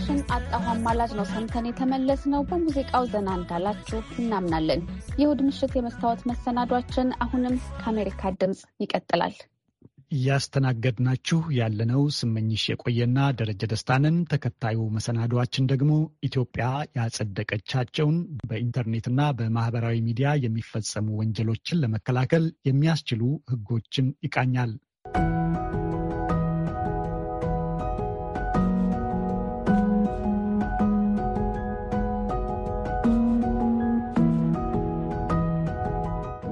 ዝግጅታችን አጣሁ አማላጅ ነው ሰምተን የተመለስ ነው። በሙዚቃው ዘና እንዳላችሁ እናምናለን። የእሁድ ምሽት የመስታወት መሰናዷችን አሁንም ከአሜሪካ ድምፅ ይቀጥላል። እያስተናገድናችሁ ያለነው ስመኝሽ የቆየና ደረጀ ደስታንን። ተከታዩ መሰናዷችን ደግሞ ኢትዮጵያ ያጸደቀቻቸውን በኢንተርኔትና በማህበራዊ ሚዲያ የሚፈጸሙ ወንጀሎችን ለመከላከል የሚያስችሉ ሕጎችን ይቃኛል።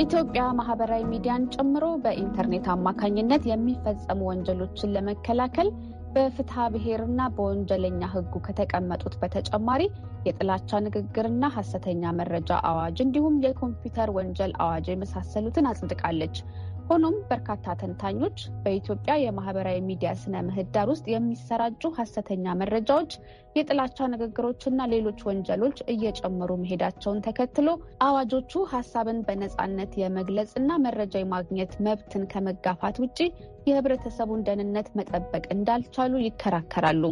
የኢትዮጵያ ማህበራዊ ሚዲያን ጨምሮ በኢንተርኔት አማካኝነት የሚፈጸሙ ወንጀሎችን ለመከላከል በፍትሐ ብሔርና በወንጀለኛ ሕጉ ከተቀመጡት በተጨማሪ የጥላቻ ንግግርና ሐሰተኛ መረጃ አዋጅ እንዲሁም የኮምፒውተር ወንጀል አዋጅ የመሳሰሉትን አጽድቃለች። ሆኖም በርካታ ተንታኞች በኢትዮጵያ የማህበራዊ ሚዲያ ስነ ምህዳር ውስጥ የሚሰራጩ ሀሰተኛ መረጃዎች፣ የጥላቻ ንግግሮችና ሌሎች ወንጀሎች እየጨመሩ መሄዳቸውን ተከትሎ አዋጆቹ ሀሳብን በነፃነት የመግለጽና መረጃ የማግኘት መብትን ከመጋፋት ውጪ የህብረተሰቡን ደህንነት መጠበቅ እንዳልቻሉ ይከራከራሉ።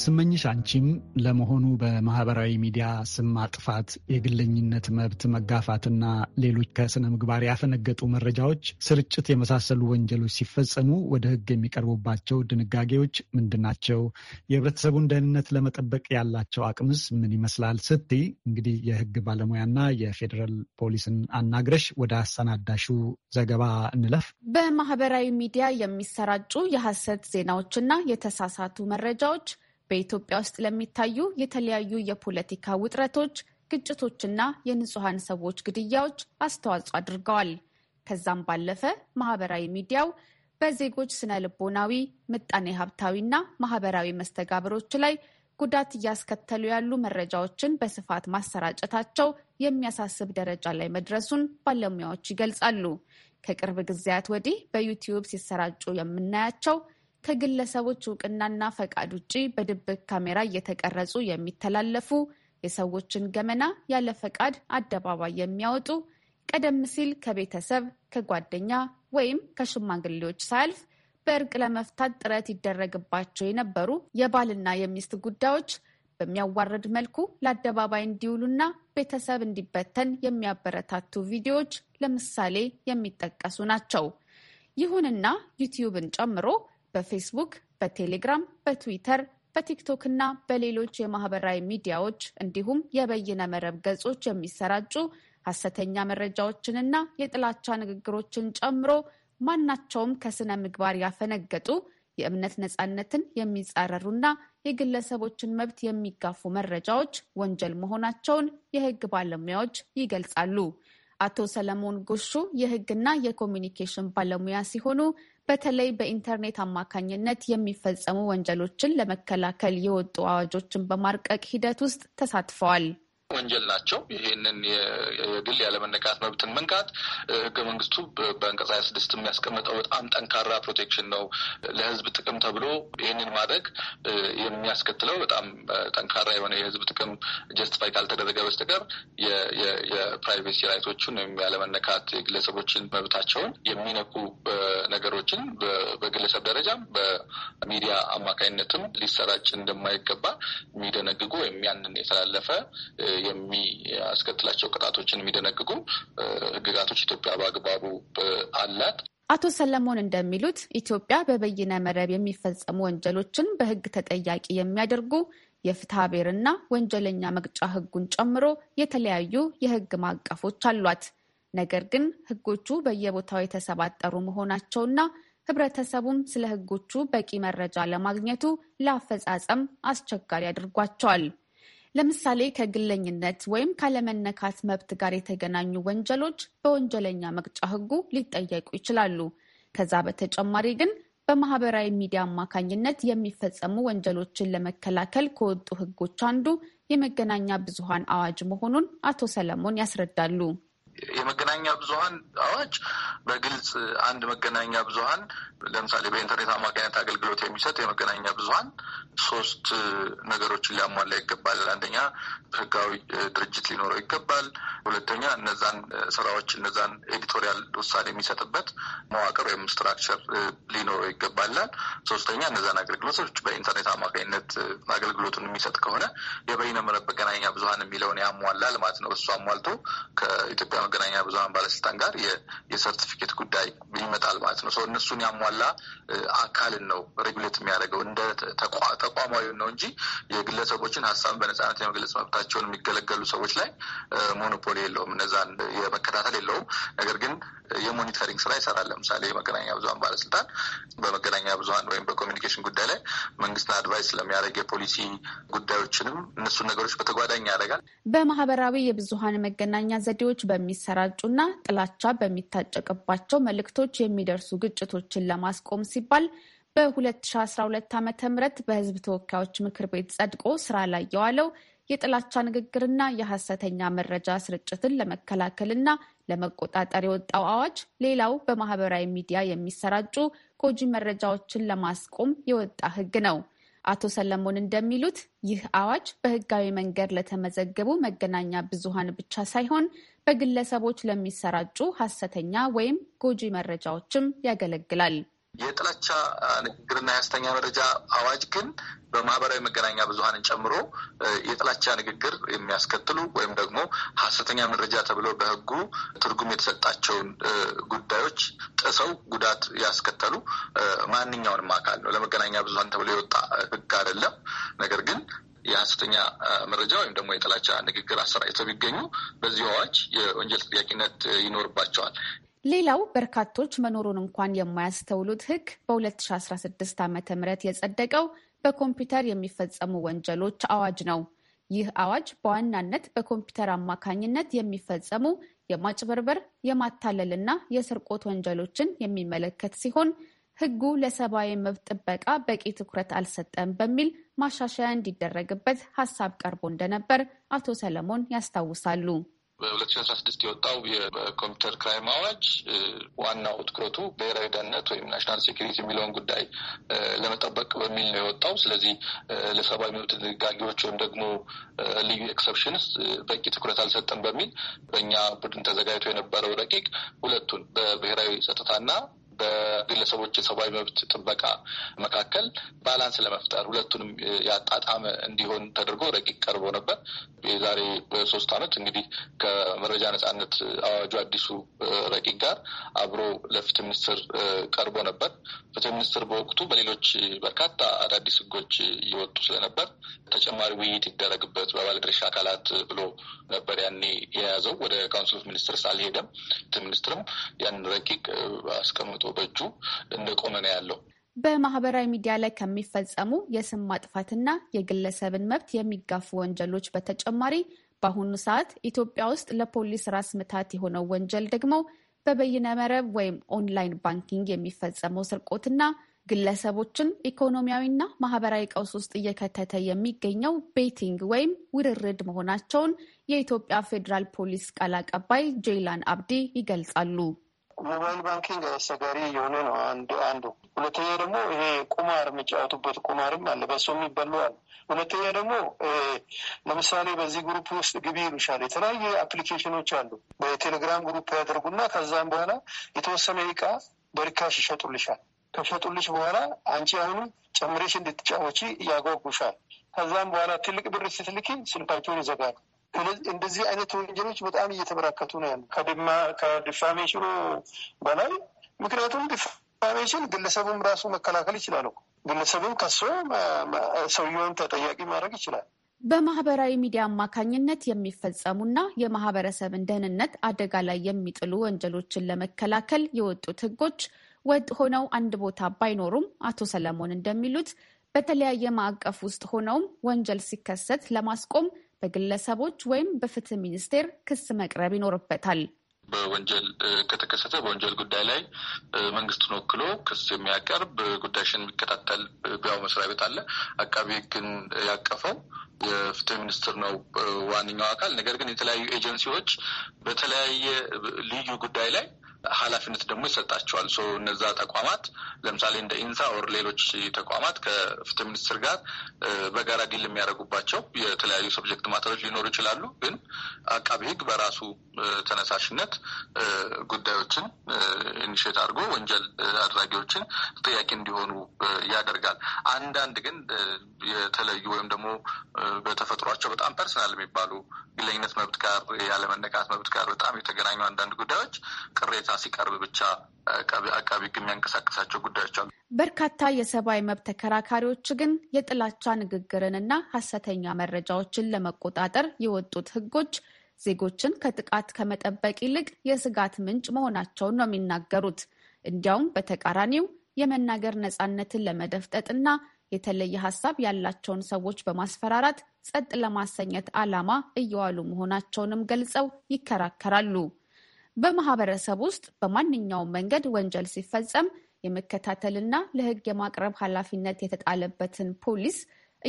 ስመኝሽ፣ አንቺም ለመሆኑ በማህበራዊ ሚዲያ ስም ማጥፋት፣ የግለኝነት መብት መጋፋትና ሌሎች ከስነ ምግባር ያፈነገጡ መረጃዎች ስርጭት የመሳሰሉ ወንጀሎች ሲፈጸሙ ወደ ሕግ የሚቀርቡባቸው ድንጋጌዎች ምንድን ናቸው? የህብረተሰቡን ደህንነት ለመጠበቅ ያላቸው አቅምስ ምን ይመስላል? ስቲ እንግዲህ የሕግ ባለሙያና የፌዴራል ፖሊስን አናግረሽ ወደ አሰናዳሹ ዘገባ እንለፍ። በማህበራዊ ሚዲያ የሚሰራጩ የሐሰት ዜናዎችና የተሳሳቱ መረጃዎች በኢትዮጵያ ውስጥ ለሚታዩ የተለያዩ የፖለቲካ ውጥረቶች፣ ግጭቶችና የንጹሐን ሰዎች ግድያዎች አስተዋጽኦ አድርገዋል። ከዛም ባለፈ ማህበራዊ ሚዲያው በዜጎች ስነ ልቦናዊ፣ ምጣኔ ሀብታዊና ማህበራዊ መስተጋብሮች ላይ ጉዳት እያስከተሉ ያሉ መረጃዎችን በስፋት ማሰራጨታቸው የሚያሳስብ ደረጃ ላይ መድረሱን ባለሙያዎች ይገልጻሉ። ከቅርብ ጊዜያት ወዲህ በዩቲዩብ ሲሰራጩ የምናያቸው ከግለሰቦች እውቅናና ፈቃድ ውጪ በድብቅ ካሜራ እየተቀረጹ የሚተላለፉ የሰዎችን ገመና ያለ ፈቃድ አደባባይ የሚያወጡ ቀደም ሲል ከቤተሰብ ከጓደኛ ወይም ከሽማግሌዎች ሳያልፍ በእርቅ ለመፍታት ጥረት ይደረግባቸው የነበሩ የባልና የሚስት ጉዳዮች በሚያዋርድ መልኩ ለአደባባይ እንዲውሉና ቤተሰብ እንዲበተን የሚያበረታቱ ቪዲዮዎች ለምሳሌ የሚጠቀሱ ናቸው። ይሁንና ዩቲዩብን ጨምሮ በፌስቡክ፣ በቴሌግራም፣ በትዊተር፣ በቲክቶክ እና በሌሎች የማህበራዊ ሚዲያዎች እንዲሁም የበይነ መረብ ገጾች የሚሰራጩ ሐሰተኛ መረጃዎችንና የጥላቻ ንግግሮችን ጨምሮ ማናቸውም ከስነ ምግባር ያፈነገጡ የእምነት ነጻነትን የሚጻረሩና የግለሰቦችን መብት የሚጋፉ መረጃዎች ወንጀል መሆናቸውን የህግ ባለሙያዎች ይገልጻሉ። አቶ ሰለሞን ጎሹ የህግና የኮሚኒኬሽን ባለሙያ ሲሆኑ በተለይ በኢንተርኔት አማካኝነት የሚፈጸሙ ወንጀሎችን ለመከላከል የወጡ አዋጆችን በማርቀቅ ሂደት ውስጥ ተሳትፈዋል። ወንጀል ናቸው። ይህንን የግል ያለመነካት መብትን መንካት ህገ መንግስቱ በአንቀጽ ሀያ ስድስት የሚያስቀምጠው በጣም ጠንካራ ፕሮቴክሽን ነው። ለህዝብ ጥቅም ተብሎ ይህንን ማድረግ የሚያስከትለው በጣም ጠንካራ የሆነ የህዝብ ጥቅም ጀስቲፋይ ካልተደረገ በስተቀር የፕራይቬሲ ራይቶችን ወይም ያለመነካት የግለሰቦችን መብታቸውን የሚነኩ ነገሮችን በግለሰብ ደረጃም በሚዲያ አማካኝነትም ሊሰራጭ እንደማይገባ የሚደነግጉ ወይም ያንን የተላለፈ የሚያስከትላቸው ቅጣቶችን የሚደነግጉ ህግጋቶች ኢትዮጵያ በአግባቡ አላት። አቶ ሰለሞን እንደሚሉት ኢትዮጵያ በበይነ መረብ የሚፈጸሙ ወንጀሎችን በህግ ተጠያቂ የሚያደርጉ የፍትሐ ብሔርና ወንጀለኛ መቅጫ ህጉን ጨምሮ የተለያዩ የህግ ማዕቀፎች አሏት። ነገር ግን ህጎቹ በየቦታው የተሰባጠሩ መሆናቸውና ህብረተሰቡም ስለ ህጎቹ በቂ መረጃ ለማግኘቱ ለአፈጻጸም አስቸጋሪ አድርጓቸዋል። ለምሳሌ ከግለኝነት ወይም ካለመነካት መብት ጋር የተገናኙ ወንጀሎች በወንጀለኛ መቅጫ ሕጉ ሊጠየቁ ይችላሉ። ከዛ በተጨማሪ ግን በማህበራዊ ሚዲያ አማካኝነት የሚፈጸሙ ወንጀሎችን ለመከላከል ከወጡ ሕጎች አንዱ የመገናኛ ብዙሃን አዋጅ መሆኑን አቶ ሰለሞን ያስረዳሉ። የመገናኛ ብዙሀን አዋጅ በግልጽ አንድ መገናኛ ብዙሀን ለምሳሌ በኢንተርኔት አማካኝነት አገልግሎት የሚሰጥ የመገናኛ ብዙሀን ሶስት ነገሮችን ሊያሟላ ይገባል። አንደኛ ህጋዊ ድርጅት ሊኖረው ይገባል። ሁለተኛ እነዛን ስራዎች እነዛን ኤዲቶሪያል ውሳኔ የሚሰጥበት መዋቅር ወይም ስትራክቸር ሊኖረው ይገባላል። ሶስተኛ እነዛን አገልግሎቶች በኢንተርኔት አማካኝነት አገልግሎቱን የሚሰጥ ከሆነ የበይነ መረብ መገናኛ ብዙሀን የሚለውን ያሟላል ማለት ነው። እሱ አሟልቶ ከኢትዮጵያ መገናኛ ብዙሀን ባለስልጣን ጋር የሰርቲፊኬት ጉዳይ ይመጣል ማለት ነው። እነሱን ያሟላ አካልን ነው ሬጉሌት የሚያደርገው እንደ ተቋማዊ ነው እንጂ የግለሰቦችን ሀሳብን በነጻነት የመግለጽ መብታቸውን የሚገለገሉ ሰዎች ላይ ሞኖፖሊ የለውም፣ እነዛን የመከታተል የለውም። ነገር ግን የሞኒተሪንግ ስራ ይሰራል። ለምሳሌ የመገናኛ ብዙሀን ባለስልጣን በመገናኛ ብዙሀን ወይም በኮሚኒኬሽን ጉዳይ ላይ መንግስትን አድቫይስ ስለሚያደርግ የፖሊሲ ጉዳዮችንም እነሱን ነገሮች በተጓዳኝ ያደርጋል። በማህበራዊ የብዙሀን መገናኛ ዘዴዎች በሚሰራጩና ጥላቻ በሚታጨቅባቸው መልእክቶች የሚደርሱ ግጭቶችን ለማስቆም ሲባል በ2012 ዓ ም በህዝብ ተወካዮች ምክር ቤት ጸድቆ ስራ ላይ የዋለው የጥላቻ ንግግርና የሐሰተኛ መረጃ ስርጭትን ለመከላከልና ለመቆጣጠር የወጣው አዋጅ ሌላው በማህበራዊ ሚዲያ የሚሰራጩ ጎጂ መረጃዎችን ለማስቆም የወጣ ህግ ነው። አቶ ሰለሞን እንደሚሉት ይህ አዋጅ በህጋዊ መንገድ ለተመዘገቡ መገናኛ ብዙሃን ብቻ ሳይሆን በግለሰቦች ለሚሰራጩ ሀሰተኛ ወይም ጎጂ መረጃዎችም ያገለግላል። የጥላቻ ንግግርና የሐሰተኛ መረጃ አዋጅ ግን በማህበራዊ መገናኛ ብዙሀንን ጨምሮ የጥላቻ ንግግር የሚያስከትሉ ወይም ደግሞ ሐሰተኛ መረጃ ተብሎ በሕጉ ትርጉም የተሰጣቸውን ጉዳዮች ጥሰው ጉዳት ያስከተሉ ማንኛውንም አካል ነው። ለመገናኛ ብዙሀን ተብሎ የወጣ ሕግ አይደለም። ነገር ግን የሐሰተኛ መረጃ ወይም ደግሞ የጥላቻ ንግግር አሰራጭተው ቢገኙ በዚህ አዋጅ የወንጀል ተጠያቂነት ይኖርባቸዋል። ሌላው በርካቶች መኖሩን እንኳን የማያስተውሉት ሕግ በ2016 ዓ ም የጸደቀው በኮምፒውተር የሚፈጸሙ ወንጀሎች አዋጅ ነው። ይህ አዋጅ በዋናነት በኮምፒውተር አማካኝነት የሚፈጸሙ የማጭበርበር፣ የማታለል የስርቆት ወንጀሎችን የሚመለከት ሲሆን ህጉ ለሰብአዊ መብት ጥበቃ በቂ ትኩረት አልሰጠም በሚል ማሻሻያ እንዲደረግበት ሀሳብ ቀርቦ እንደነበር አቶ ሰለሞን ያስታውሳሉ። በሁለት ሺ አስራ ስድስት የወጣው የኮምፒውተር ክራይም አዋጅ ዋናው ትኩረቱ ብሔራዊ ደህንነት ወይም ናሽናል ሴኪሪቲ የሚለውን ጉዳይ ለመጠበቅ በሚል ነው የወጣው። ስለዚህ ለሰብአዊ መብት ድንጋጌዎች ወይም ደግሞ ልዩ ኤክሰፕሽንስ በቂ ትኩረት አልሰጠም በሚል በእኛ ቡድን ተዘጋጅቶ የነበረው ረቂቅ ሁለቱን በብሔራዊ ጸጥታና በግለሰቦች የሰብአዊ መብት ጥበቃ መካከል ባላንስ ለመፍጠር ሁለቱንም ያጣጣመ እንዲሆን ተደርጎ ረቂቅ ቀርቦ ነበር። የዛሬ ሶስት ዓመት እንግዲህ ከመረጃ ነጻነት አዋጁ አዲሱ ረቂቅ ጋር አብሮ ለፍትህ ሚኒስትር ቀርቦ ነበር። ፍትህ ሚኒስትር በወቅቱ በሌሎች በርካታ አዳዲስ ህጎች እየወጡ ስለነበር ተጨማሪ ውይይት ይደረግበት በባለድርሻ አካላት ብሎ ነበር ያኔ የያዘው። ወደ ካውንስል ኦፍ ሚኒስትርስ አልሄደም። ፍትህ ሚኒስትርም ያን ረቂቅ አስቀምጦ በእጁ እንደቆመ ነው ያለው። በማህበራዊ ሚዲያ ላይ ከሚፈጸሙ የስም ማጥፋትና የግለሰብን መብት የሚጋፉ ወንጀሎች በተጨማሪ በአሁኑ ሰዓት ኢትዮጵያ ውስጥ ለፖሊስ ራስ ምታት የሆነው ወንጀል ደግሞ በበይነ መረብ ወይም ኦንላይን ባንኪንግ የሚፈጸመው ስርቆትና ግለሰቦችን ኢኮኖሚያዊና ማህበራዊ ቀውስ ውስጥ እየከተተ የሚገኘው ቤቲንግ ወይም ውርርድ መሆናቸውን የኢትዮጵያ ፌዴራል ፖሊስ ቃል አቀባይ ጄይላን አብዲ ይገልጻሉ። ሞባይል ባንኪንግ አስቸጋሪ የሆነ ነው አንዱ አንዱ። ሁለተኛ ደግሞ ይሄ ቁማር የሚጫወቱበት ቁማርም አለ፣ በሱ የሚበለዋል ሁለተኛ ደግሞ ለምሳሌ በዚህ ግሩፕ ውስጥ ግቢ ይሉሻል። የተለያየ አፕሊኬሽኖች አሉ። በቴሌግራም ግሩፕ ያደርጉና ከዛም በኋላ የተወሰነ እቃ በርካሽ ይሸጡልሻል። ከሸጡልሽ በኋላ አንቺ አሁኑ ጨምሬሽ እንድትጫወቺ እያጓጉሻል ከዛም በኋላ ትልቅ ብር ስትልኪ ስልካቸውን ይዘጋሉ። እንደዚህ አይነት ወንጀሎች በጣም እየተበራከቱ ነው ያሉ ከዲፋሜሽኑ በላይ ምክንያቱም ዲፋሜሽን ግለሰቡም ራሱ መከላከል ይችላል። ግለሰቡም ከሶ ሰውየውን ተጠያቂ ማድረግ ይችላል። በማህበራዊ ሚዲያ አማካኝነት የሚፈጸሙና የማህበረሰብን ደህንነት አደጋ ላይ የሚጥሉ ወንጀሎችን ለመከላከል የወጡት ህጎች ወጥ ሆነው አንድ ቦታ ባይኖሩም አቶ ሰለሞን እንደሚሉት በተለያየ ማዕቀፍ ውስጥ ሆነውም ወንጀል ሲከሰት ለማስቆም በግለሰቦች ወይም በፍትህ ሚኒስቴር ክስ መቅረብ ይኖርበታል። በወንጀል ከተከሰተ በወንጀል ጉዳይ ላይ መንግስቱን ወክሎ ክስ የሚያቀርብ ጉዳይሽን የሚከታተል ቢያው መስሪያ ቤት አለ። አቃቢ ሕግን ያቀፈው የፍትህ ሚኒስትር ነው ዋነኛው አካል። ነገር ግን የተለያዩ ኤጀንሲዎች በተለያየ ልዩ ጉዳይ ላይ ኃላፊነት ደግሞ ይሰጣቸዋል። እነዛ ተቋማት ለምሳሌ እንደ ኢንሳ ኦር ሌሎች ተቋማት ከፍትህ ሚኒስትር ጋር በጋራ ዲል የሚያደርጉባቸው የተለያዩ ሰብጀክት ማተሮች ሊኖሩ ይችላሉ። ግን አቃቢ ህግ በራሱ ተነሳሽነት ጉዳዮችን ኢኒሽት አድርጎ ወንጀል አድራጊዎችን ተጠያቂ እንዲሆኑ ያደርጋል። አንዳንድ ግን የተለዩ ወይም ደግሞ በተፈጥሯቸው በጣም ፐርሰናል የሚባሉ ግለኝነት መብት ጋር ያለመነካት መብት ጋር በጣም የተገናኙ አንዳንድ ጉዳዮች ቅሬታ ሁኔታ ሲቀርብ ብቻ አቃቢ ሕግ የሚያንቀሳቀሳቸው ጉዳዮች አሉ። በርካታ የሰብአዊ መብት ተከራካሪዎች ግን የጥላቻ ንግግርንና ሀሰተኛ መረጃዎችን ለመቆጣጠር የወጡት ህጎች ዜጎችን ከጥቃት ከመጠበቅ ይልቅ የስጋት ምንጭ መሆናቸውን ነው የሚናገሩት። እንዲያውም በተቃራኒው የመናገር ነፃነትን ለመደፍጠጥና የተለየ ሀሳብ ያላቸውን ሰዎች በማስፈራራት ጸጥ ለማሰኘት ዓላማ እየዋሉ መሆናቸውንም ገልጸው ይከራከራሉ። በማህበረሰብ ውስጥ በማንኛውም መንገድ ወንጀል ሲፈጸም የመከታተልና ለህግ የማቅረብ ኃላፊነት የተጣለበትን ፖሊስ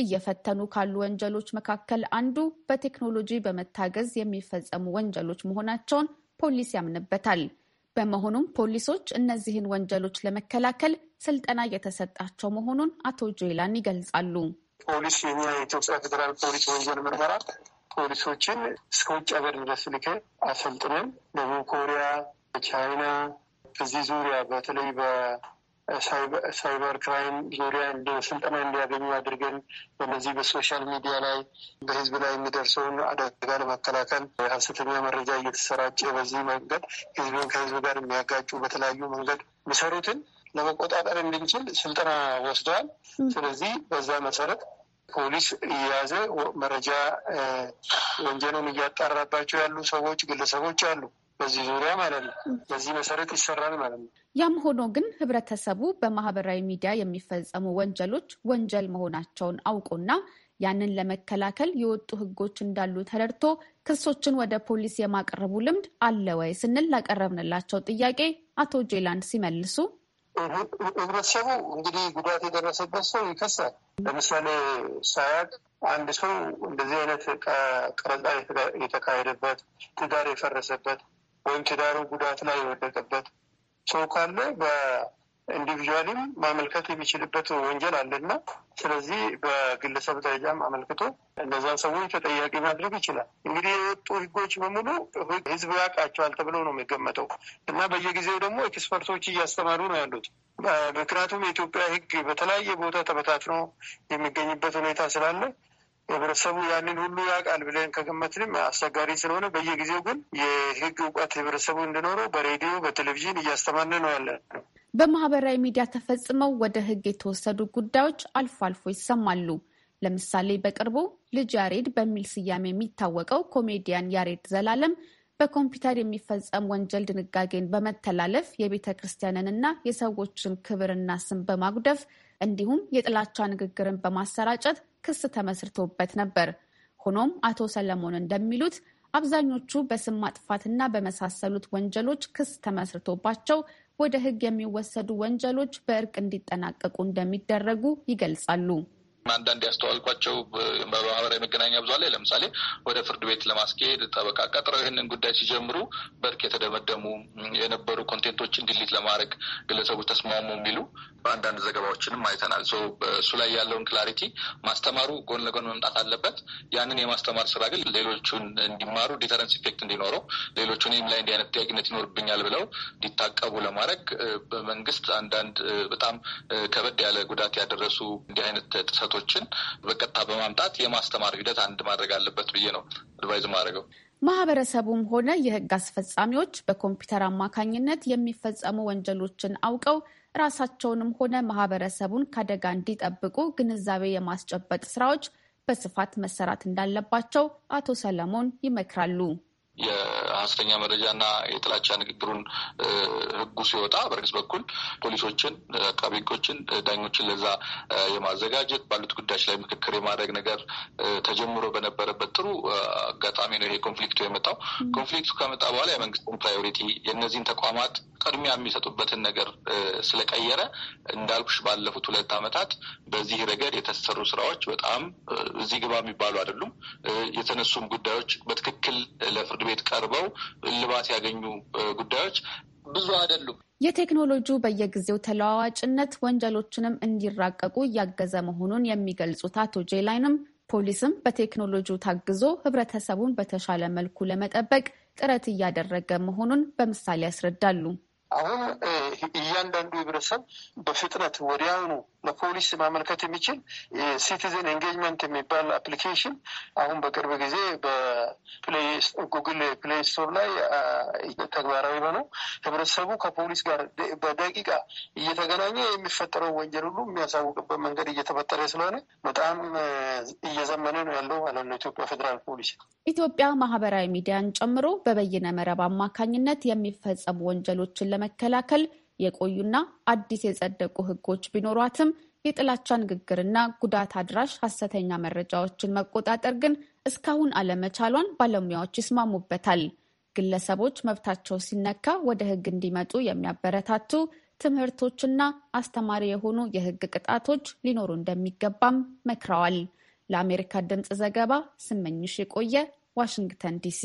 እየፈተኑ ካሉ ወንጀሎች መካከል አንዱ በቴክኖሎጂ በመታገዝ የሚፈጸሙ ወንጀሎች መሆናቸውን ፖሊስ ያምንበታል። በመሆኑም ፖሊሶች እነዚህን ወንጀሎች ለመከላከል ስልጠና እየተሰጣቸው መሆኑን አቶ ጆይላን ይገልጻሉ። ፖሊስ የኛ የኢትዮጵያ ፌዴራል ፖሊስ ወንጀል ምርመራ ፖሊሶችን እስከ ውጭ ሀገር ድረስ ልከን አሰልጥነን ደቡብ ኮሪያ፣ ቻይና እዚህ ዙሪያ በተለይ በሳይበር ክራይም ዙሪያ ስልጠና እንዲያገኙ አድርገን በነዚህ በሶሻል ሚዲያ ላይ በህዝብ ላይ የሚደርሰውን አደጋ ለመከላከል የሀሰተኛ መረጃ እየተሰራጨ በዚህ መንገድ ህዝብን ከህዝብ ጋር የሚያጋጩ በተለያዩ መንገድ የሚሰሩትን ለመቆጣጠር እንድንችል ስልጠና ወስደዋል። ስለዚህ በዛ መሰረት ፖሊስ እየያዘ መረጃ ወንጀሉን እያጣራባቸው ያሉ ሰዎች፣ ግለሰቦች አሉ። በዚህ ዙሪያ ማለት ነው። በዚህ መሰረት ይሰራል ማለት ነው። ያም ሆኖ ግን ህብረተሰቡ በማህበራዊ ሚዲያ የሚፈጸሙ ወንጀሎች ወንጀል መሆናቸውን አውቆና ያንን ለመከላከል የወጡ ህጎች እንዳሉ ተረድቶ ክሶችን ወደ ፖሊስ የማቀረቡ ልምድ አለ ወይ ስንል ላቀረብንላቸው ጥያቄ አቶ ጄላንድ ሲመልሱ ህብረተሰቡ እንግዲህ ጉዳት የደረሰበት ሰው ይከሳል። ለምሳሌ ሳያቅ አንድ ሰው እንደዚህ አይነት ቀረጻ የተካሄደበት ትዳር የፈረሰበት ወይም ትዳሩ ጉዳት ላይ የወደቀበት ሰው ካለ ኢንዲቪዥዋሊም ማመልከት የሚችልበት ወንጀል አለና ስለዚህ በግለሰብ ደረጃም አመልክቶ እነዛን ሰዎች ተጠያቂ ማድረግ ይችላል። እንግዲህ የወጡ ህጎች በሙሉ ህዝብ ያውቃቸዋል ተብሎ ነው የሚገመተው እና በየጊዜው ደግሞ ኤክስፐርቶች እያስተማሩ ነው ያሉት። ምክንያቱም የኢትዮጵያ ህግ በተለያየ ቦታ ተበታትኖ የሚገኝበት ሁኔታ ስላለ ህብረተሰቡ ያንን ሁሉ ያውቃል ብለን ከገመትንም አስቸጋሪ ስለሆነ በየጊዜው ግን የህግ እውቀት ህብረተሰቡ እንዲኖረው በሬዲዮ በቴሌቪዥን እያስተማነ ነው ያለ ነው። በማህበራዊ ሚዲያ ተፈጽመው ወደ ህግ የተወሰዱ ጉዳዮች አልፎ አልፎ ይሰማሉ። ለምሳሌ በቅርቡ ልጅ ያሬድ በሚል ስያሜ የሚታወቀው ኮሜዲያን ያሬድ ዘላለም በኮምፒውተር የሚፈጸም ወንጀል ድንጋጌን በመተላለፍ የቤተ ክርስቲያንንና የሰዎችን ክብርና ስም በማጉደፍ እንዲሁም የጥላቻ ንግግርን በማሰራጨት ክስ ተመስርቶበት ነበር። ሆኖም አቶ ሰለሞን እንደሚሉት አብዛኞቹ በስም ማጥፋትና በመሳሰሉት ወንጀሎች ክስ ተመስርቶባቸው ወደ ሕግ የሚወሰዱ ወንጀሎች በእርቅ እንዲጠናቀቁ እንደሚደረጉ ይገልጻሉ። አንዳንድ ያስተዋልኳቸው በማህበራዊ መገናኛ ብዙ ላይ ለምሳሌ ወደ ፍርድ ቤት ለማስኬድ ጠበቃ ቀጥረው ይህንን ጉዳይ ሲጀምሩ በርክ የተደመደሙ የነበሩ ኮንቴንቶችን ዲሊት ለማድረግ ግለሰቡ ተስማሙ የሚሉ በአንዳንድ ዘገባዎችንም አይተናል። እሱ ላይ ያለውን ክላሪቲ ማስተማሩ ጎን ለጎን መምጣት አለበት። ያንን የማስተማር ስራ ግን ሌሎቹን እንዲማሩ ዲተረንስ ኢፌክት እንዲኖረው ሌሎቹ እኔም ላይ እንዲህ አይነት ጥያቄነት ይኖርብኛል ብለው እንዲታቀቡ ለማድረግ በመንግስት አንዳንድ በጣም ከበድ ያለ ጉዳት ያደረሱ እንዲህ አይነት ጥሰቶች ወጣቶችን በቀጥታ በማምጣት የማስተማር ሂደት አንድ ማድረግ አለበት ብዬ ነው አድቫይዝ ማድረገው። ማህበረሰቡም ሆነ የህግ አስፈጻሚዎች በኮምፒውተር አማካኝነት የሚፈጸሙ ወንጀሎችን አውቀው ራሳቸውንም ሆነ ማህበረሰቡን ከአደጋ እንዲጠብቁ ግንዛቤ የማስጨበጥ ስራዎች በስፋት መሰራት እንዳለባቸው አቶ ሰለሞን ይመክራሉ። መረጃ መረጃና የጥላቻ ንግግሩን ህጉ ሲወጣ በርግስ በኩል ፖሊሶችን፣ አቃቤ ህጎችን፣ ዳኞችን ለዛ የማዘጋጀት ባሉት ጉዳዮች ላይ ምክክር የማድረግ ነገር ተጀምሮ በነበረበት ጥሩ አጋጣሚ ነው ይሄ ኮንፍሊክቱ የመጣው። ኮንፍሊክቱ ከመጣ በኋላ የመንግስትን ፕራዮሪቲ የእነዚህን ተቋማት ቅድሚያ የሚሰጡበትን ነገር ስለቀየረ እንዳልኩሽ ባለፉት ሁለት ዓመታት በዚህ ረገድ የተሰሩ ስራዎች በጣም እዚህ ግባ የሚባሉ አይደሉም። የተነሱም ጉዳዮች በትክክል ለፍርድ ቤት ቀርበው እልባት ያገኙ ጉዳዮች ብዙ አይደሉም። የቴክኖሎጂው በየጊዜው ተለዋዋጭነት ወንጀሎችንም እንዲራቀቁ እያገዘ መሆኑን የሚገልጹት አቶ ጄላይንም ፖሊስም በቴክኖሎጂው ታግዞ ህብረተሰቡን በተሻለ መልኩ ለመጠበቅ ጥረት እያደረገ መሆኑን በምሳሌ ያስረዳሉ። አሁን እያንዳንዱ ህብረተሰብ በፍጥነት ወዲያውኑ ለፖሊስ ማመልከት የሚችል ሲቲዘን ኤንጌጅመንት የሚባል አፕሊኬሽን አሁን በቅርብ ጊዜ በጉግል ፕሌይ ስቶር ላይ ተግባራዊ ሆነው ህብረተሰቡ ከፖሊስ ጋር በደቂቃ እየተገናኘ የሚፈጠረው ወንጀል ሁሉ የሚያሳውቅበት መንገድ እየተፈጠረ ስለሆነ በጣም እየዘመነ ነው ያለው ማለት ነው። ኢትዮጵያ ፌዴራል ፖሊስ ኢትዮጵያ ማህበራዊ ሚዲያን ጨምሮ በበይነ መረብ አማካኝነት የሚፈጸሙ ወንጀሎችን ለመከላከል የቆዩና አዲስ የጸደቁ ሕጎች ቢኖሯትም የጥላቻ ንግግርና ጉዳት አድራሽ ሀሰተኛ መረጃዎችን መቆጣጠር ግን እስካሁን አለመቻሏን ባለሙያዎች ይስማሙበታል። ግለሰቦች መብታቸው ሲነካ ወደ ህግ እንዲመጡ የሚያበረታቱ ትምህርቶችና አስተማሪ የሆኑ የህግ ቅጣቶች ሊኖሩ እንደሚገባም መክረዋል። ለአሜሪካ ድምፅ ዘገባ ስመኝሽ የቆየ ዋሽንግተን ዲሲ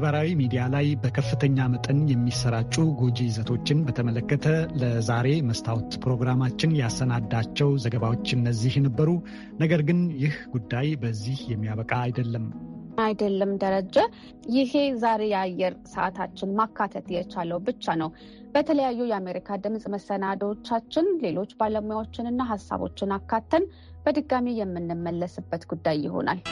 ማህበራዊ ሚዲያ ላይ በከፍተኛ መጠን የሚሰራጩ ጎጂ ይዘቶችን በተመለከተ ለዛሬ መስታወት ፕሮግራማችን ያሰናዳቸው ዘገባዎች እነዚህ ነበሩ። ነገር ግን ይህ ጉዳይ በዚህ የሚያበቃ አይደለም አይደለም ደረጀ። ይሄ ዛሬ የአየር ሰዓታችን ማካተት የቻለው ብቻ ነው። በተለያዩ የአሜሪካ ድምፅ መሰናዶዎቻችን ሌሎች ባለሙያዎችንና ሀሳቦችን አካተን በድጋሚ የምንመለስበት ጉዳይ ይሆናል።